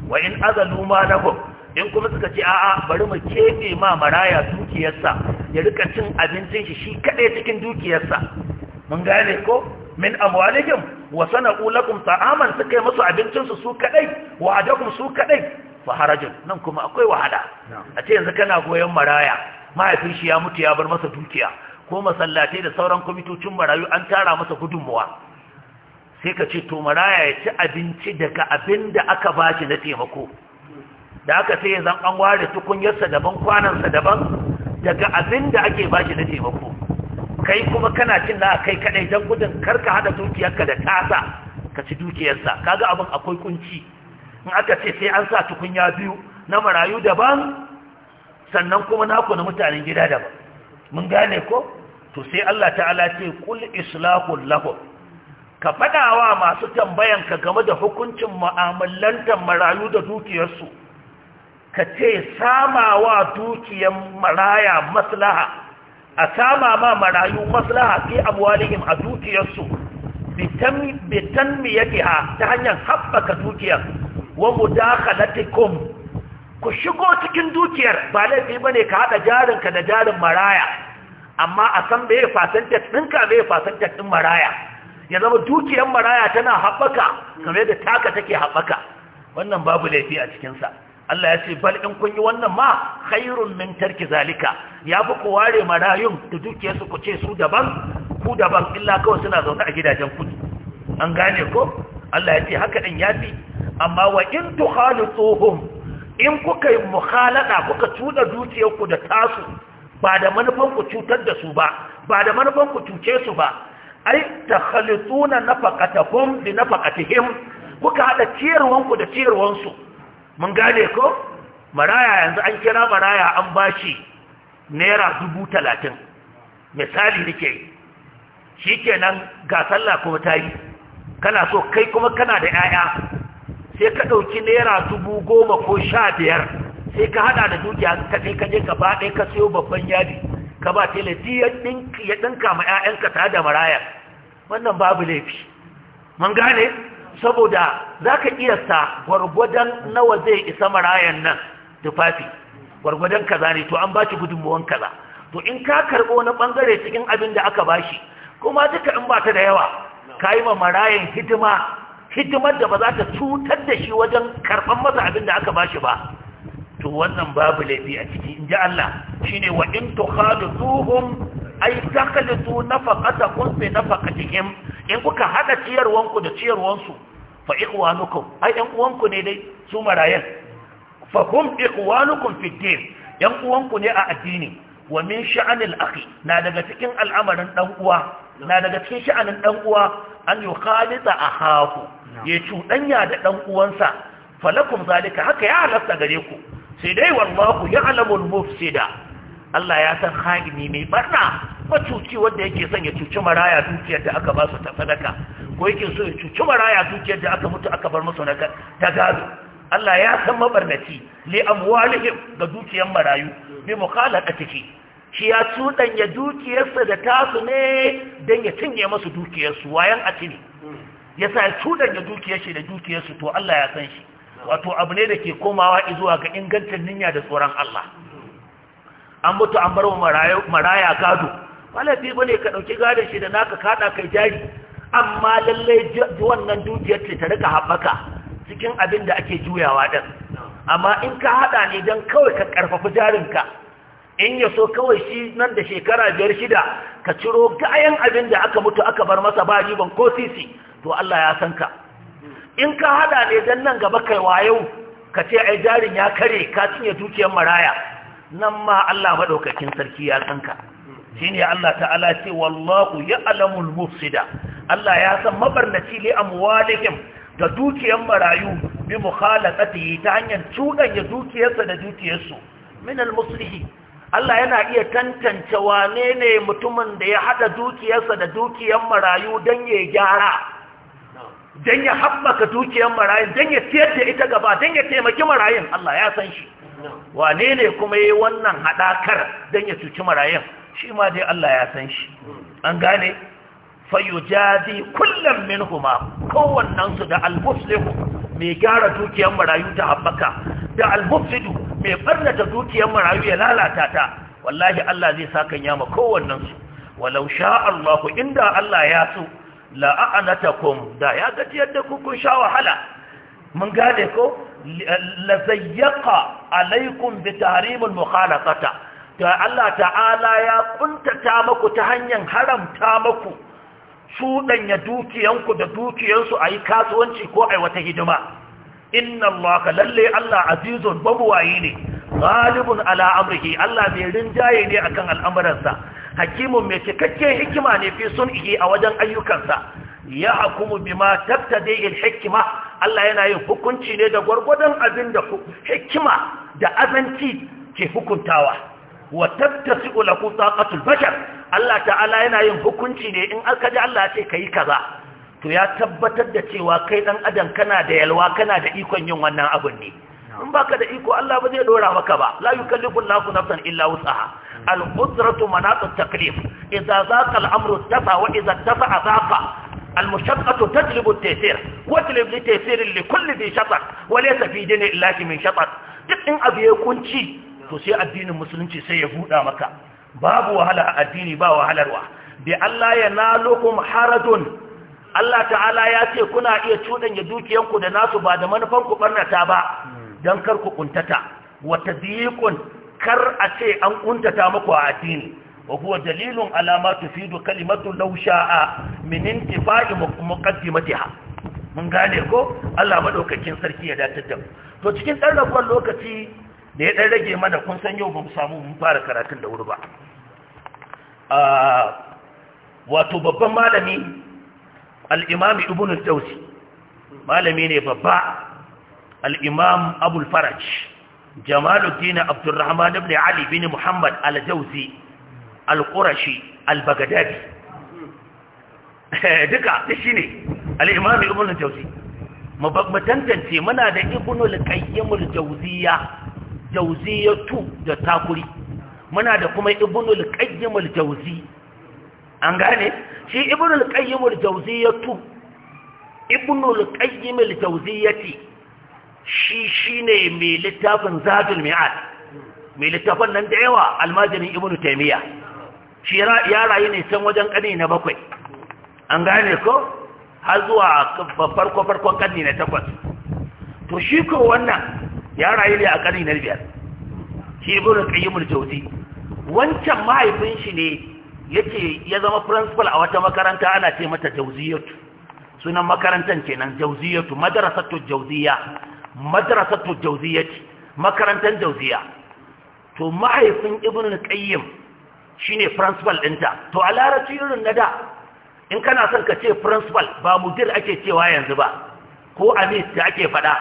wa in azalu ma lahum in kuma suka ce a'a bari mu kebe ma maraya dukiyarsa ya rika cin abincin shi shi kaɗai cikin dukiyarsa mun gane ko min amwalihim wa sanaqu lakum ta'aman suka musu abincin su su kaɗai wa adakum su kadai? fa harajun nan kuma akwai wahala a ce yanzu kana goyon maraya mahaifin shi ya mutu ya bar masa dukiya ko masallatai da sauran kwamitocin marayu an tara masa gudunmuwa sai ka ce to maraya ya ci abinci daga abin da aka ba na taimako da aka sai zan an ware tukunyarsa daban kwanansa daban daga abin da ake bashi na taimako kai kuma kana cin na kai kadai don gudun karka hada dukiyarka da tasa ka ci dukiyarsa kaga abin akwai kunci in aka ce sai an sa tukunya biyu na marayu daban sannan kuma naku na mutanen gida daban mun gane ko to sai Allah ta'ala ce kul islahul lahum ka fadawa masu tambayan ka game da hukuncin mu'amalantar marayu da dukiyarsu ka ce samawa dukiyan maraya maslaha a sama ma marayu maslaha fi abuwalihim a dukiyarsu bitan ha ta hanyar haɓaka dukiyar wa mudakhalatikum ku shigo cikin dukiyar ba laifi bane ka haɗa jarinka da jarin maraya amma a san me percentage ɗinka me fasanta ɗin maraya ya zama dukiyar maraya tana haɓaka kamar da taka take haɓaka wannan babu laifi a cikinsa Allah ya ce bal in kun yi wannan ma khairun min tarki zalika ya fi ku ware marayun da dukiyar su ku ce su daban ku daban illa kawai suna zaune a gidajen kudi an gane ko Allah ya ce haka din ya fi amma wa in tukhalituhum in kuka yi mukhalada kuka tuda dukiyar ku da tasu ba da manufan ku cutar da su ba ba da manufan ku cuce su ba ai takhalituna nafaqatakum bi nafaqatihim kuka hada ciyarwanku da su mun gane ko maraya yanzu an kira maraya an bashi naira dubu talatin misali nike yi shi kenan ga sallah kuma ta yi kana so kai kuma kana da 'ya'ya sai ka ɗauki naira dubu goma ko sha biyar sai ka hada da dukiya ka ɗai ka je ka ba ɗai ka siyo babban yadi ka ba tele ya ɗinka ma 'ya'yanka ta da maraya wannan babu laifi mun gane saboda za ka sa gwargwadon nawa zai isa marayan nan tufafi gwargwadon kaza ne to an ba shi gudunmuwan kaza to in ka karɓo na bangare cikin abin da aka ba shi kuma duka in ba ta da yawa ka yi ma marayan hidima hidimar da ba za ta cutar da shi wajen karɓar masa abin da aka ba shi ba to wannan babu laifi a ciki in ji Allah shine wa in tukhadu tuhum ai takalitu nafaqatakum bi nafaqatihim in kuka hada ciyarwanku da ciyarwansu fa ikhwanukum ai ɗan uwanku ne dai su marayan fa hum ikhwanukum fi din uwanku ne a addini wa min sha'anil akhi na daga cikin al'amarin dan uwa na daga cikin sha'anin dan uwa an yukhalita ahahu ya cuɗanya da dan uwansa falakum zalika haka ya halasta gare ku sai dai wallahu ya'lamul mufsida Allah ya san haini mai barna macuci wanda yake son ya cuci maraya dukiyar da aka ba su ta sadaka ko yake so ya cuci maraya dukiyar da aka mutu aka bar musu ta gado Allah ya san mabarnaci li amwalihim ga dukiyar marayu bi mukhalatatihi shi ya ya dukiyar sa da tasu ne dan ya cinye musu su wayan a yasa ya ya dukiyar shi da dukiyar su to Allah ya san shi wato abu ne da ke komawa zuwa ga ingancin niyya da tsoron Allah an mutu an bar maraya gado malafi ba ne ka ɗauki gadon shi da naka kaɗa kai jari amma lallai wannan dukiyar ce ta rika haɓaka cikin abin da ake juyawa ɗin amma in ka haɗa ne don kawai ka ƙarfafi jarinka in ya so kawai shi nan da shekara biyar shida ka ciro gayan abin da aka mutu aka bar masa ba riban ko sisi to Allah ya san ka in ka haɗa ne don nan gaba kai wayo ka ce ai jarin ya kare ka cinye dukiyar maraya nan ma Allah madaukakin sarki ya san ka ne Allah ta'ala ce wallahu ya'lamul mufsida Allah ya san mabarnaci a amwalikum da dukiyar marayu bi mukhalatati ta hanyar ya dukiyarsa da dukiyarsu min muslihi Allah yana iya tantance wane ne mutumin da ya hada dukiyarsa da dukiyar marayu don ya gyara don ya haɓaka dukiyar marayu don ya ciyar da ita gaba don ya taimaki marayun Allah ya san shi wane ne kuma yi wannan haɗakar don ya cuci marayan shi ma dai Allah ya san shi an gane fayujazi kullum min huma kowannensu da almuslihu mai gyara dukiyar marayu ta haɓaka da almufsidu mai ɓarnata dukiyar marayu ya lalata ta wallahi Allah zai sa kan yama kowannensu walau sha Allahu inda Allah ya so la'anatakum da ya gaji yadda ku kun sha wahala mun gane ko lazayyaqa alaikum bi tahrimul mukhalafata Da Allah ta'ala ya kuntata maku ta hanyar haramta maku cuɗanya dukiyanku da dukiyansu a yi kasuwanci ko aiwata wata hidima inna allaha lalle Allah azizun babuwayi ne galibun ala amrihi Allah mai rinjaye ne akan al'amuransa hakimun mai cikakken hikima ne fi sun a wajen ayyukansa ya hukumu ma tabtadi al-hikma Allah yana yin hukunci ne da gwargwadon abin da hikima da azanci ke hukuntawa wa tabtasi'u lahu taqatul bashar Allah ta'ala yana yin hukunci ne in aka ji Allah ce yi kaza to ya tabbatar da cewa kai dan adam kana da yalwa kana da ikon yin wannan abun ne in baka da iko Allah ba zai dora maka ba la yukallifu Allahu nafsan illa wus'aha al-qudratu manatu taklif idza zaqa al-amru tafa wa idza tafa zaqa المشقة تجلب التيسير واجلب لتيسير لكل ذي شطر وليس في دين الله من شطر إن أبي يكون شيء تسيء الدين المسلم سيفوت مكة باب وهلا الدين با وهلا روح بألا ينالكم حرج Allah ta'ala ya ce kuna iya cuɗanya dukiyanku da nasu ba da manufanku ɓarnata ba don kar ku ƙuntata wata zikun kar a ce an ƙuntata muku a addini وهو دليل على ما kalimatu كلمة a شاء من انتفاع مقدمتها من قال ko Allah madaukakin sarki ya datar da mu to cikin dan rabuwar lokaci da ya dan rage mana kun san yau mu samu mun fara karatun da wuri ba wato babban malami al-Imam al-Jawzi malami ne babba al'imam imam faraj Jamaluddin Abdurrahman ibn Ali bin Muhammad al-Jawzi al-qurashi al-baghdadi eh, duka shi ne al-imam ibn al-jawzi mu tantance muna da ibn al-qayyim al-jawziya jawziyatu da takuri muna da kuma ibn al-qayyim al-jawzi an gane shi ibn al-qayyim al-jawziyatu ibn al-qayyim al-jawziyati shi shine mai littafin zadul mi'ad mai littafin nan da yawa almajirin ibn taymiyyah shi ya rayu ne can wajen ƙani na bakwai an gane ko har zuwa farko-farkon ƙani na takwas to shi ko wannan ya rayu ne a ƙani na biyar shi gudun qayyimul jawzi wancan mahaifin shi ne yake ya zama principal a wata makaranta ana ce mata jauziyatu. sunan makarantar kenan jauziyatu madrasatu jauziya madrasatu jauziyati makarantar Jauziya. to mahaifin ibn qayyim shine principal ɗinta to a larabci irin na da in kana son ka ce principal ba mudir ake cewa yanzu ba ko amit da ake faɗa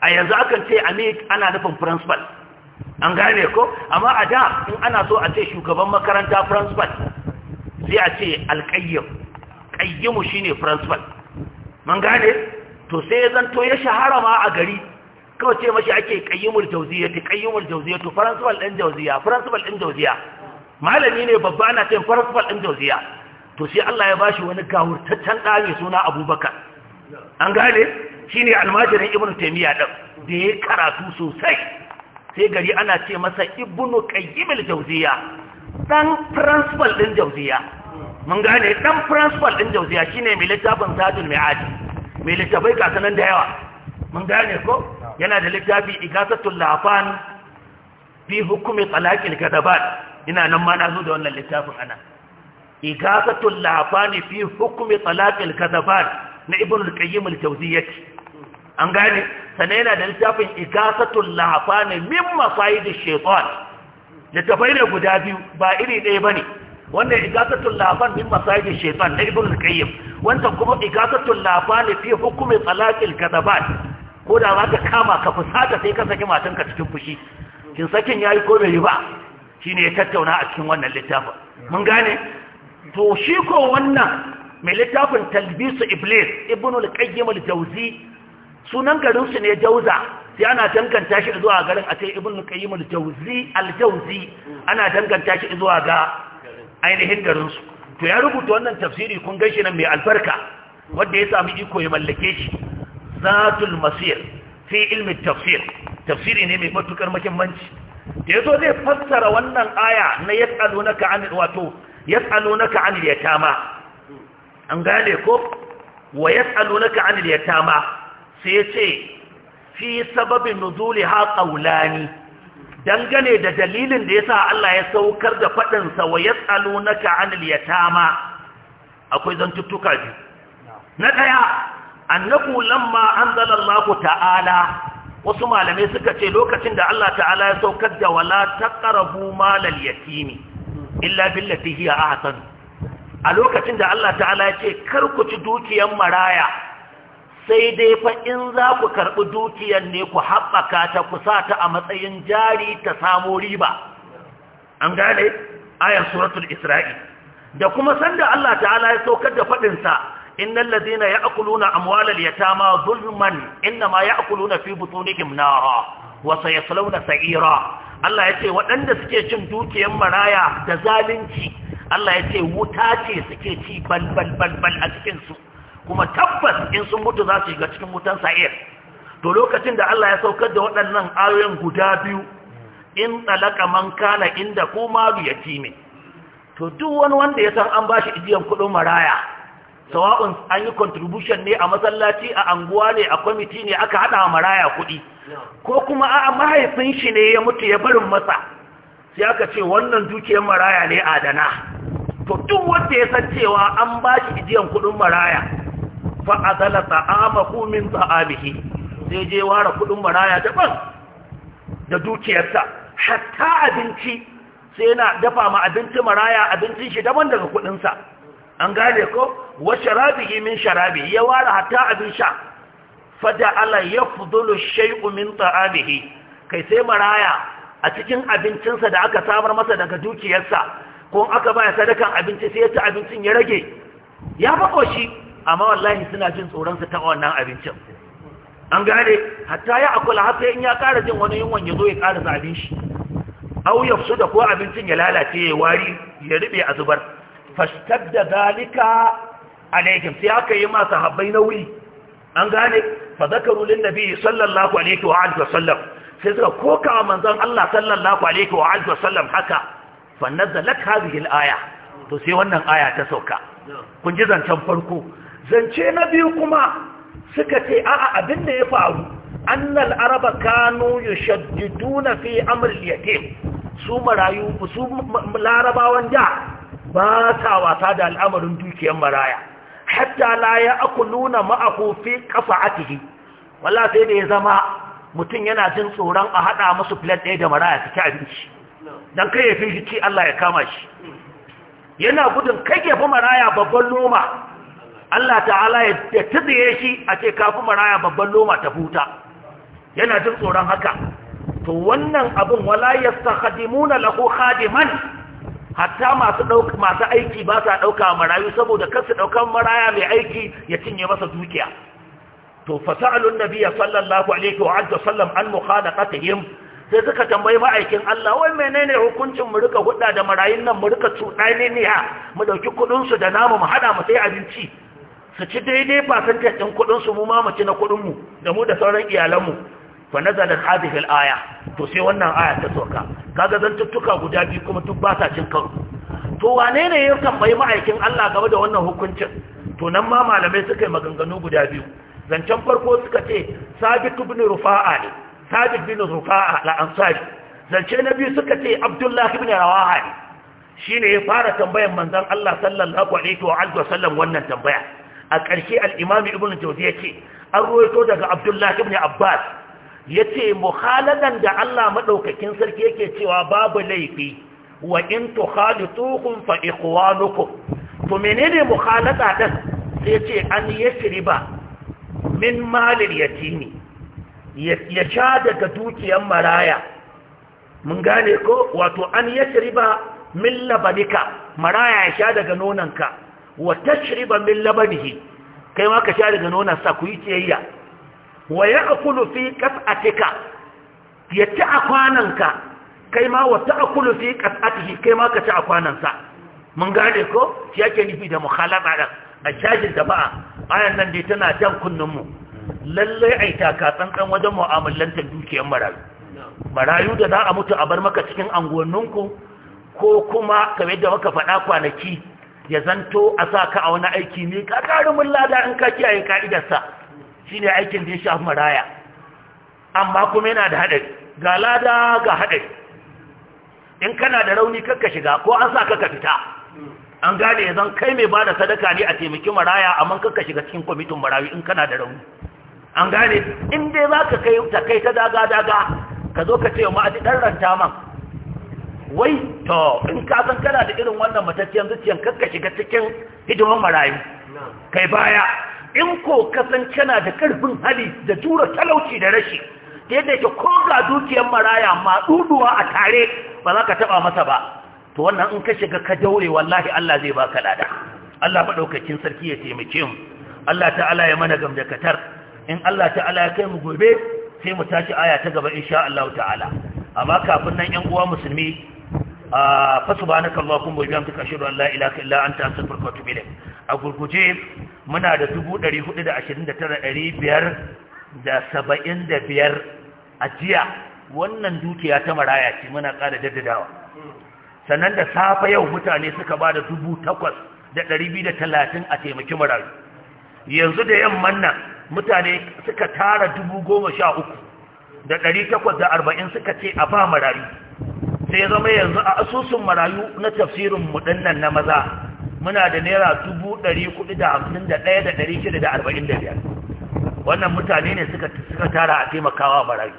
a yanzu akan ce amit ana nufin principal an gane ko amma a da in ana so a ce shugaban makaranta principal sai a ce alƙayyam, ƙayyimu shine principal mun gane to sai zan to ya shahara ma a gari kawai ce mashi ake ta jauziyatu jauziya to principal ɗin jauziya principal ɗin jauziya malami ne babba ana ce farfal ɗin jauziya to sai Allah ya bashi wani gawurtaccen ɗa mai suna abubakar an gane shine almajirin ibn taimiyya ɗin da ya karatu sosai sai gari ana ce masa ibn al jauziya ɗan principal ɗin jauziya mun gane ɗan principal ɗin jauziya shine mai littafin zadul mi'ad mai littafai kasanan da yawa mun gane ko yana da littafi igasatul lafan bi hukumi talaqil kadabat ina nan ma na zo da wannan littafin ana igasatul lafani fi hukmi talaqil kadabat na ibn al-qayyim al-jawziyyah an gane sana yana da littafin igasatul lafani min mafaidish shaytan littafai ne guda biyu ba iri ɗaya bane wannan igasatul lafan min mafaidish shaytan na ibn al-qayyim wannan kuma igasatul lafani fi hukmi talaqil kadabat ko da za ka kama ka fusata sai ka saki matanka cikin fushi kin sakin yayi ko bai yi ba shine ya tattauna a cikin wannan littafin mun gane to shi ko wannan mai littafin talbisu iblis ibnul qayyim jawzi sunan garinsu ne jauza sai ana danganta shi zuwa garin a cikin ibnul qayyim al-jawzi al-jawzi ana danganta shi zuwa ga ainihin garin to ya rubuta wannan tafsiri kun shi nan mai albarka wanda ya samu iko ya mallake shi zatul masir fi ilmi tafsir tafsiri ne mai matukar muhimmanci da ya zai fassara wannan aya na yas'alunaka an wato yas'alunaka anil yatama an gane ko wa yas'alunaka anil yatama sai ya ce fi sababin nuzuli ha qaulani dangane da dalilin da yasa Allah ya saukar da fadin sa wa yas'alunaka anil yatama akwai zan zantuttuka biyu na daya annahu lamma anzala Allah ta'ala wasu malamai suka ce lokacin da Allah ta'ala ya saukar da wala ta taqrabu malal yatimi illa billati hiya ahsan a lokacin da Allah ta'ala ya ce kar ku ci dukiyar maraya sai dai fa in za ku karɓi dukiyan ne ku haɓaka ta ku sa ta a matsayin jari ta samu riba an gane ayar suratul isra'i da kuma sanda Allah ta'ala ya saukar da faɗinsa innal ladina ya'kuluna amwalal yatama zulman inma ya'kuluna fi butunihim nara wa sayaslawna sa'ira Allah yace waɗanda suke cin dukiyar maraya da zalunci Allah yace wuta ce suke ci bal bal bal bal a cikin su kuma tabbas in sun mutu za su shiga cikin wutan sa'ir to lokacin da Allah ya saukar da waɗannan ayoyin guda biyu in talaka man kana inda ko malu yatimi to duk wani wanda ya san an bashi ijiyan kuɗin maraya sawa'un an yi contribution ne a masallaci a anguwa ne a kwamiti ne aka hada maraya kuɗi ko kuma a mahaifin shi ne ya mutu ya barin masa sai aka ce wannan dukiyar maraya ne adana to duk wanda ya san cewa an ba shi ijiyan kuɗin maraya fa azala ku min ta'amihi sai je ware kuɗin maraya daban da dukiyarsa hatta abinci sai yana dafa ma abinci maraya abincin shi daban daga kuɗinsa an gane ko wa sharabihi min sharabi ya ware hatta abin sha fada ala yafdulu shay'u min ta'abihi kai sai maraya a cikin abincinsa da aka samar masa daga dukiyarsa ko aka baya sadakan abinci sai ya ci abincin ya rage ya bako shi amma wallahi suna jin tsoron su ta wannan abincin an gane hatta ya akula haka in ya kara jin wani yunwan ya zo ya kara zabin shi au yafsu da ko abincin ya lalace ya wari ya rube a zubar da zalika alaihim sai aka yi ma sahabbai nauyi an gane fa zakaru nabi sallallahu alaihi wa alihi wasallam sai suka koka manzon Allah sallallahu alaihi wa alihi wasallam haka fa nazalat hadhihi al to sai wannan aya ta sauka kun ji zancen farko zance na biyu kuma suka ce a'a abin da ya faru annal araba kanu yashaddiduna fi amr al-yatim su marayu su larabawan da ba sa wasa da al'amarin dukiyar maraya hatta la ya aku nuna ma'ahu fi qafa'atihi Wala sai da ya zama mutum yana jin tsoron a hada musu plate ɗaya da maraya ta abinci dan kai ya fi ci Allah ya kama shi yana gudun kai ya fi maraya babban loma Allah ta'ala ya tidiye shi a ce ka kafi maraya babban loma ta huta yana jin tsoron haka to wannan abin wala yastakhadimuna lahu khadiman hatta masu masu aiki ba sa ɗauka marayu saboda kar su maraya mai aiki ya cinye masa dukiya to fasa'alun nabiyya sallallahu alaihi wa alihi an mukhalaqatihim sai suka tambayi ma'aikin Allah wai menene hukuncin mu rika hudda da marayun nan mu rika cuɗani ne ha mu dauki kudin su da namu mu hada mu sai abinci su ci daidai fasantar ɗin su mu ma mu ci na kuɗin mu da mu da sauran iyalan mu fa nazalat hadhihi aya to sai wannan aya ta sauka kaga zantuttuka guda biyu kuma duk ba sa cin karo to wane ne ya tambayi ma'aikin Allah game da wannan hukuncin to nan ma malamai suka yi maganganu guda biyu zancen farko suka ce sabit bin rufa'a ne sabit bin rufa'a la ansari zance na biyu suka ce abdullahi bin rawaha ne shine ya fara tambayan manzon Allah sallallahu alaihi wa alihi wasallam wannan tambaya a ƙarshe al-imam ibn jawzi yace an ruwaito daga abdullahi ibn abbas ya ce muhaladan da Allah maɗaukakin sarki yake cewa babu laifi wa in tukun fa ikhwanukum to menene muhalada dan? sai ce an yasriba min malil yatimi ya sha daga dukiyar maraya mun gane ko wato an yasriba min labanika maraya ya sha daga nonanka wa tashriba min labanihi kai ma ka sha daga nonansa ku yi ciyayya wa ya'kulu fi qat'atika ya ci a kwananka kai ma wa akulu fi qat'atihi kai ma ka ci a kwanansa mun gane ko shi yake nufi da mukhalaba da a cajin ba'a ayan nan dai tana jan kunnen mu lallai yi taka tsantsan wajen mu'amalantar dukiyar marayu marayu da za a mutu a bar maka cikin anguwanninku ko kuma kamar yadda maka faɗa kwanaki ya zanto a sa ka a wani aiki ne ka ƙarumin lada in ka kiyaye ka'idarsa ne aikin da ya shafi maraya amma kuma yana da haɗari ga lada ga haɗari in kana da rauni kakka shiga ko an sa kakka fita an gane ya zan kai mai ba da sadaka ne a taimaki maraya amma kakka shiga cikin kwamitin marayu in kana da rauni an gane in dai za ka kai ta kai ta daga daga ka zo ka ce wa ma'aji ɗan ranta man wai to in ka san kana da irin wannan matacciyar zuciyar kakka shiga cikin hidimar marayu kai baya in ko kasan kana da karfin hali da jura talauci da rashi ta yadda yake ko ga dukiyar maraya ma duduwa a tare ba za ka taba masa ba to wannan in ka shiga ka daure wallahi Allah zai baka lada Allah madaukakin sarki ya taimake mu Allah ta'ala ya mana gamdakatar in Allah ta'ala ya kai mu gobe sai mu tashi aya ta gaba insha Allah ta'ala amma kafin nan ƴan uwa musulmi fa subhanakallahumma wa bihamdika ashhadu an la ilaha illa anta astaghfiruka wa atubu ilayk a gurguje muna da dubu ɗari hudu da ashirin da tara ɗari biyar da saba'in da biyar a jiya wannan dukiya ta maraya ce muna ƙara jaddadawa sannan da safe yau mutane suka ba da dubu takwas da ɗari biyu da talatin a taimaki marayu yanzu da yamman nan mutane suka tara dubu goma sha uku da ɗari takwas da arba'in suka ce a ba marayu sai zama yanzu a asusun marayu na tafsirin mu ɗinnan na maza muna da naira dubu ɗari kuɗi da hamsin da ɗaya da ɗari shida da arba'in da biyar wannan mutane ne suka suka tara a taimakawa marayu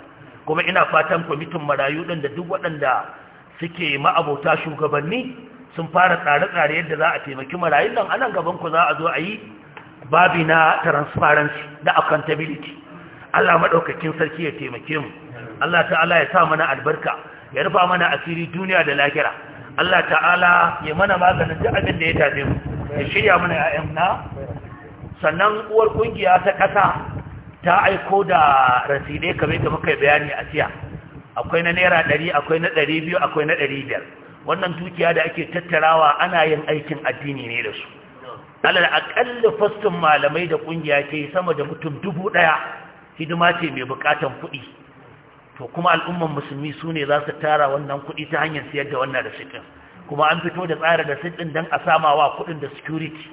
kuma ina fatan kwamitin marayu ɗin da duk waɗanda suke ma'abota shugabanni sun fara tsare-tsare yadda za a taimaki marayun nan anan gaban ku za a zo a yi babi na transparency da accountability Allah maɗaukakin sarki ya taimake mu Allah ta'ala ya sa mana albarka ya rufa mana asiri duniya da lahira Allah ta'ala ya mana maganin duk abin da ya tafi mu ya shirya mana ya'yan na sannan uwar kungiya ta ƙasa ta aiko da rasidai kamar da muka bayani a jiya akwai na naira ɗari akwai na ɗari biyu akwai na ɗari biyar wannan dukiya da ake tattarawa ana yin aikin addini ne da su alal aƙalla fastin malamai da ƙungiya ke sama da mutum dubu ɗaya hidima ce mai buƙatan kuɗi to kuma al'umman musulmi su ne za su tara wannan kuɗi ta hanyar siyar da wannan rasitin kuma an fito da tsara da rasitin don a samawa kuɗin da security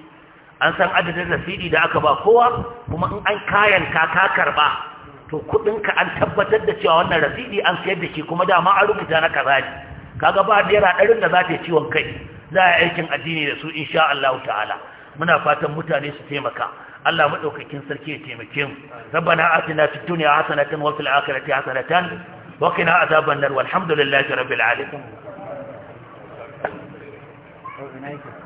an san adadin rasidi da aka ba kowa kuma in an kayan kaka ka karɓa to kuɗinka an tabbatar da cewa wannan rasidi an siyar da shi kuma dama an rubuta na kaza ne kaga ba naira ɗarin da za ta yi ciwon kai za a yi aikin addini da su insha Allah ta'ala muna fatan mutane su taimaka Allah madaukakin sarki ya taimake mu rabbana atina fid dunya hasanatan wa fil akhirati hasanatan wa qina adhaban nar walhamdulillahi rabbil alamin oh,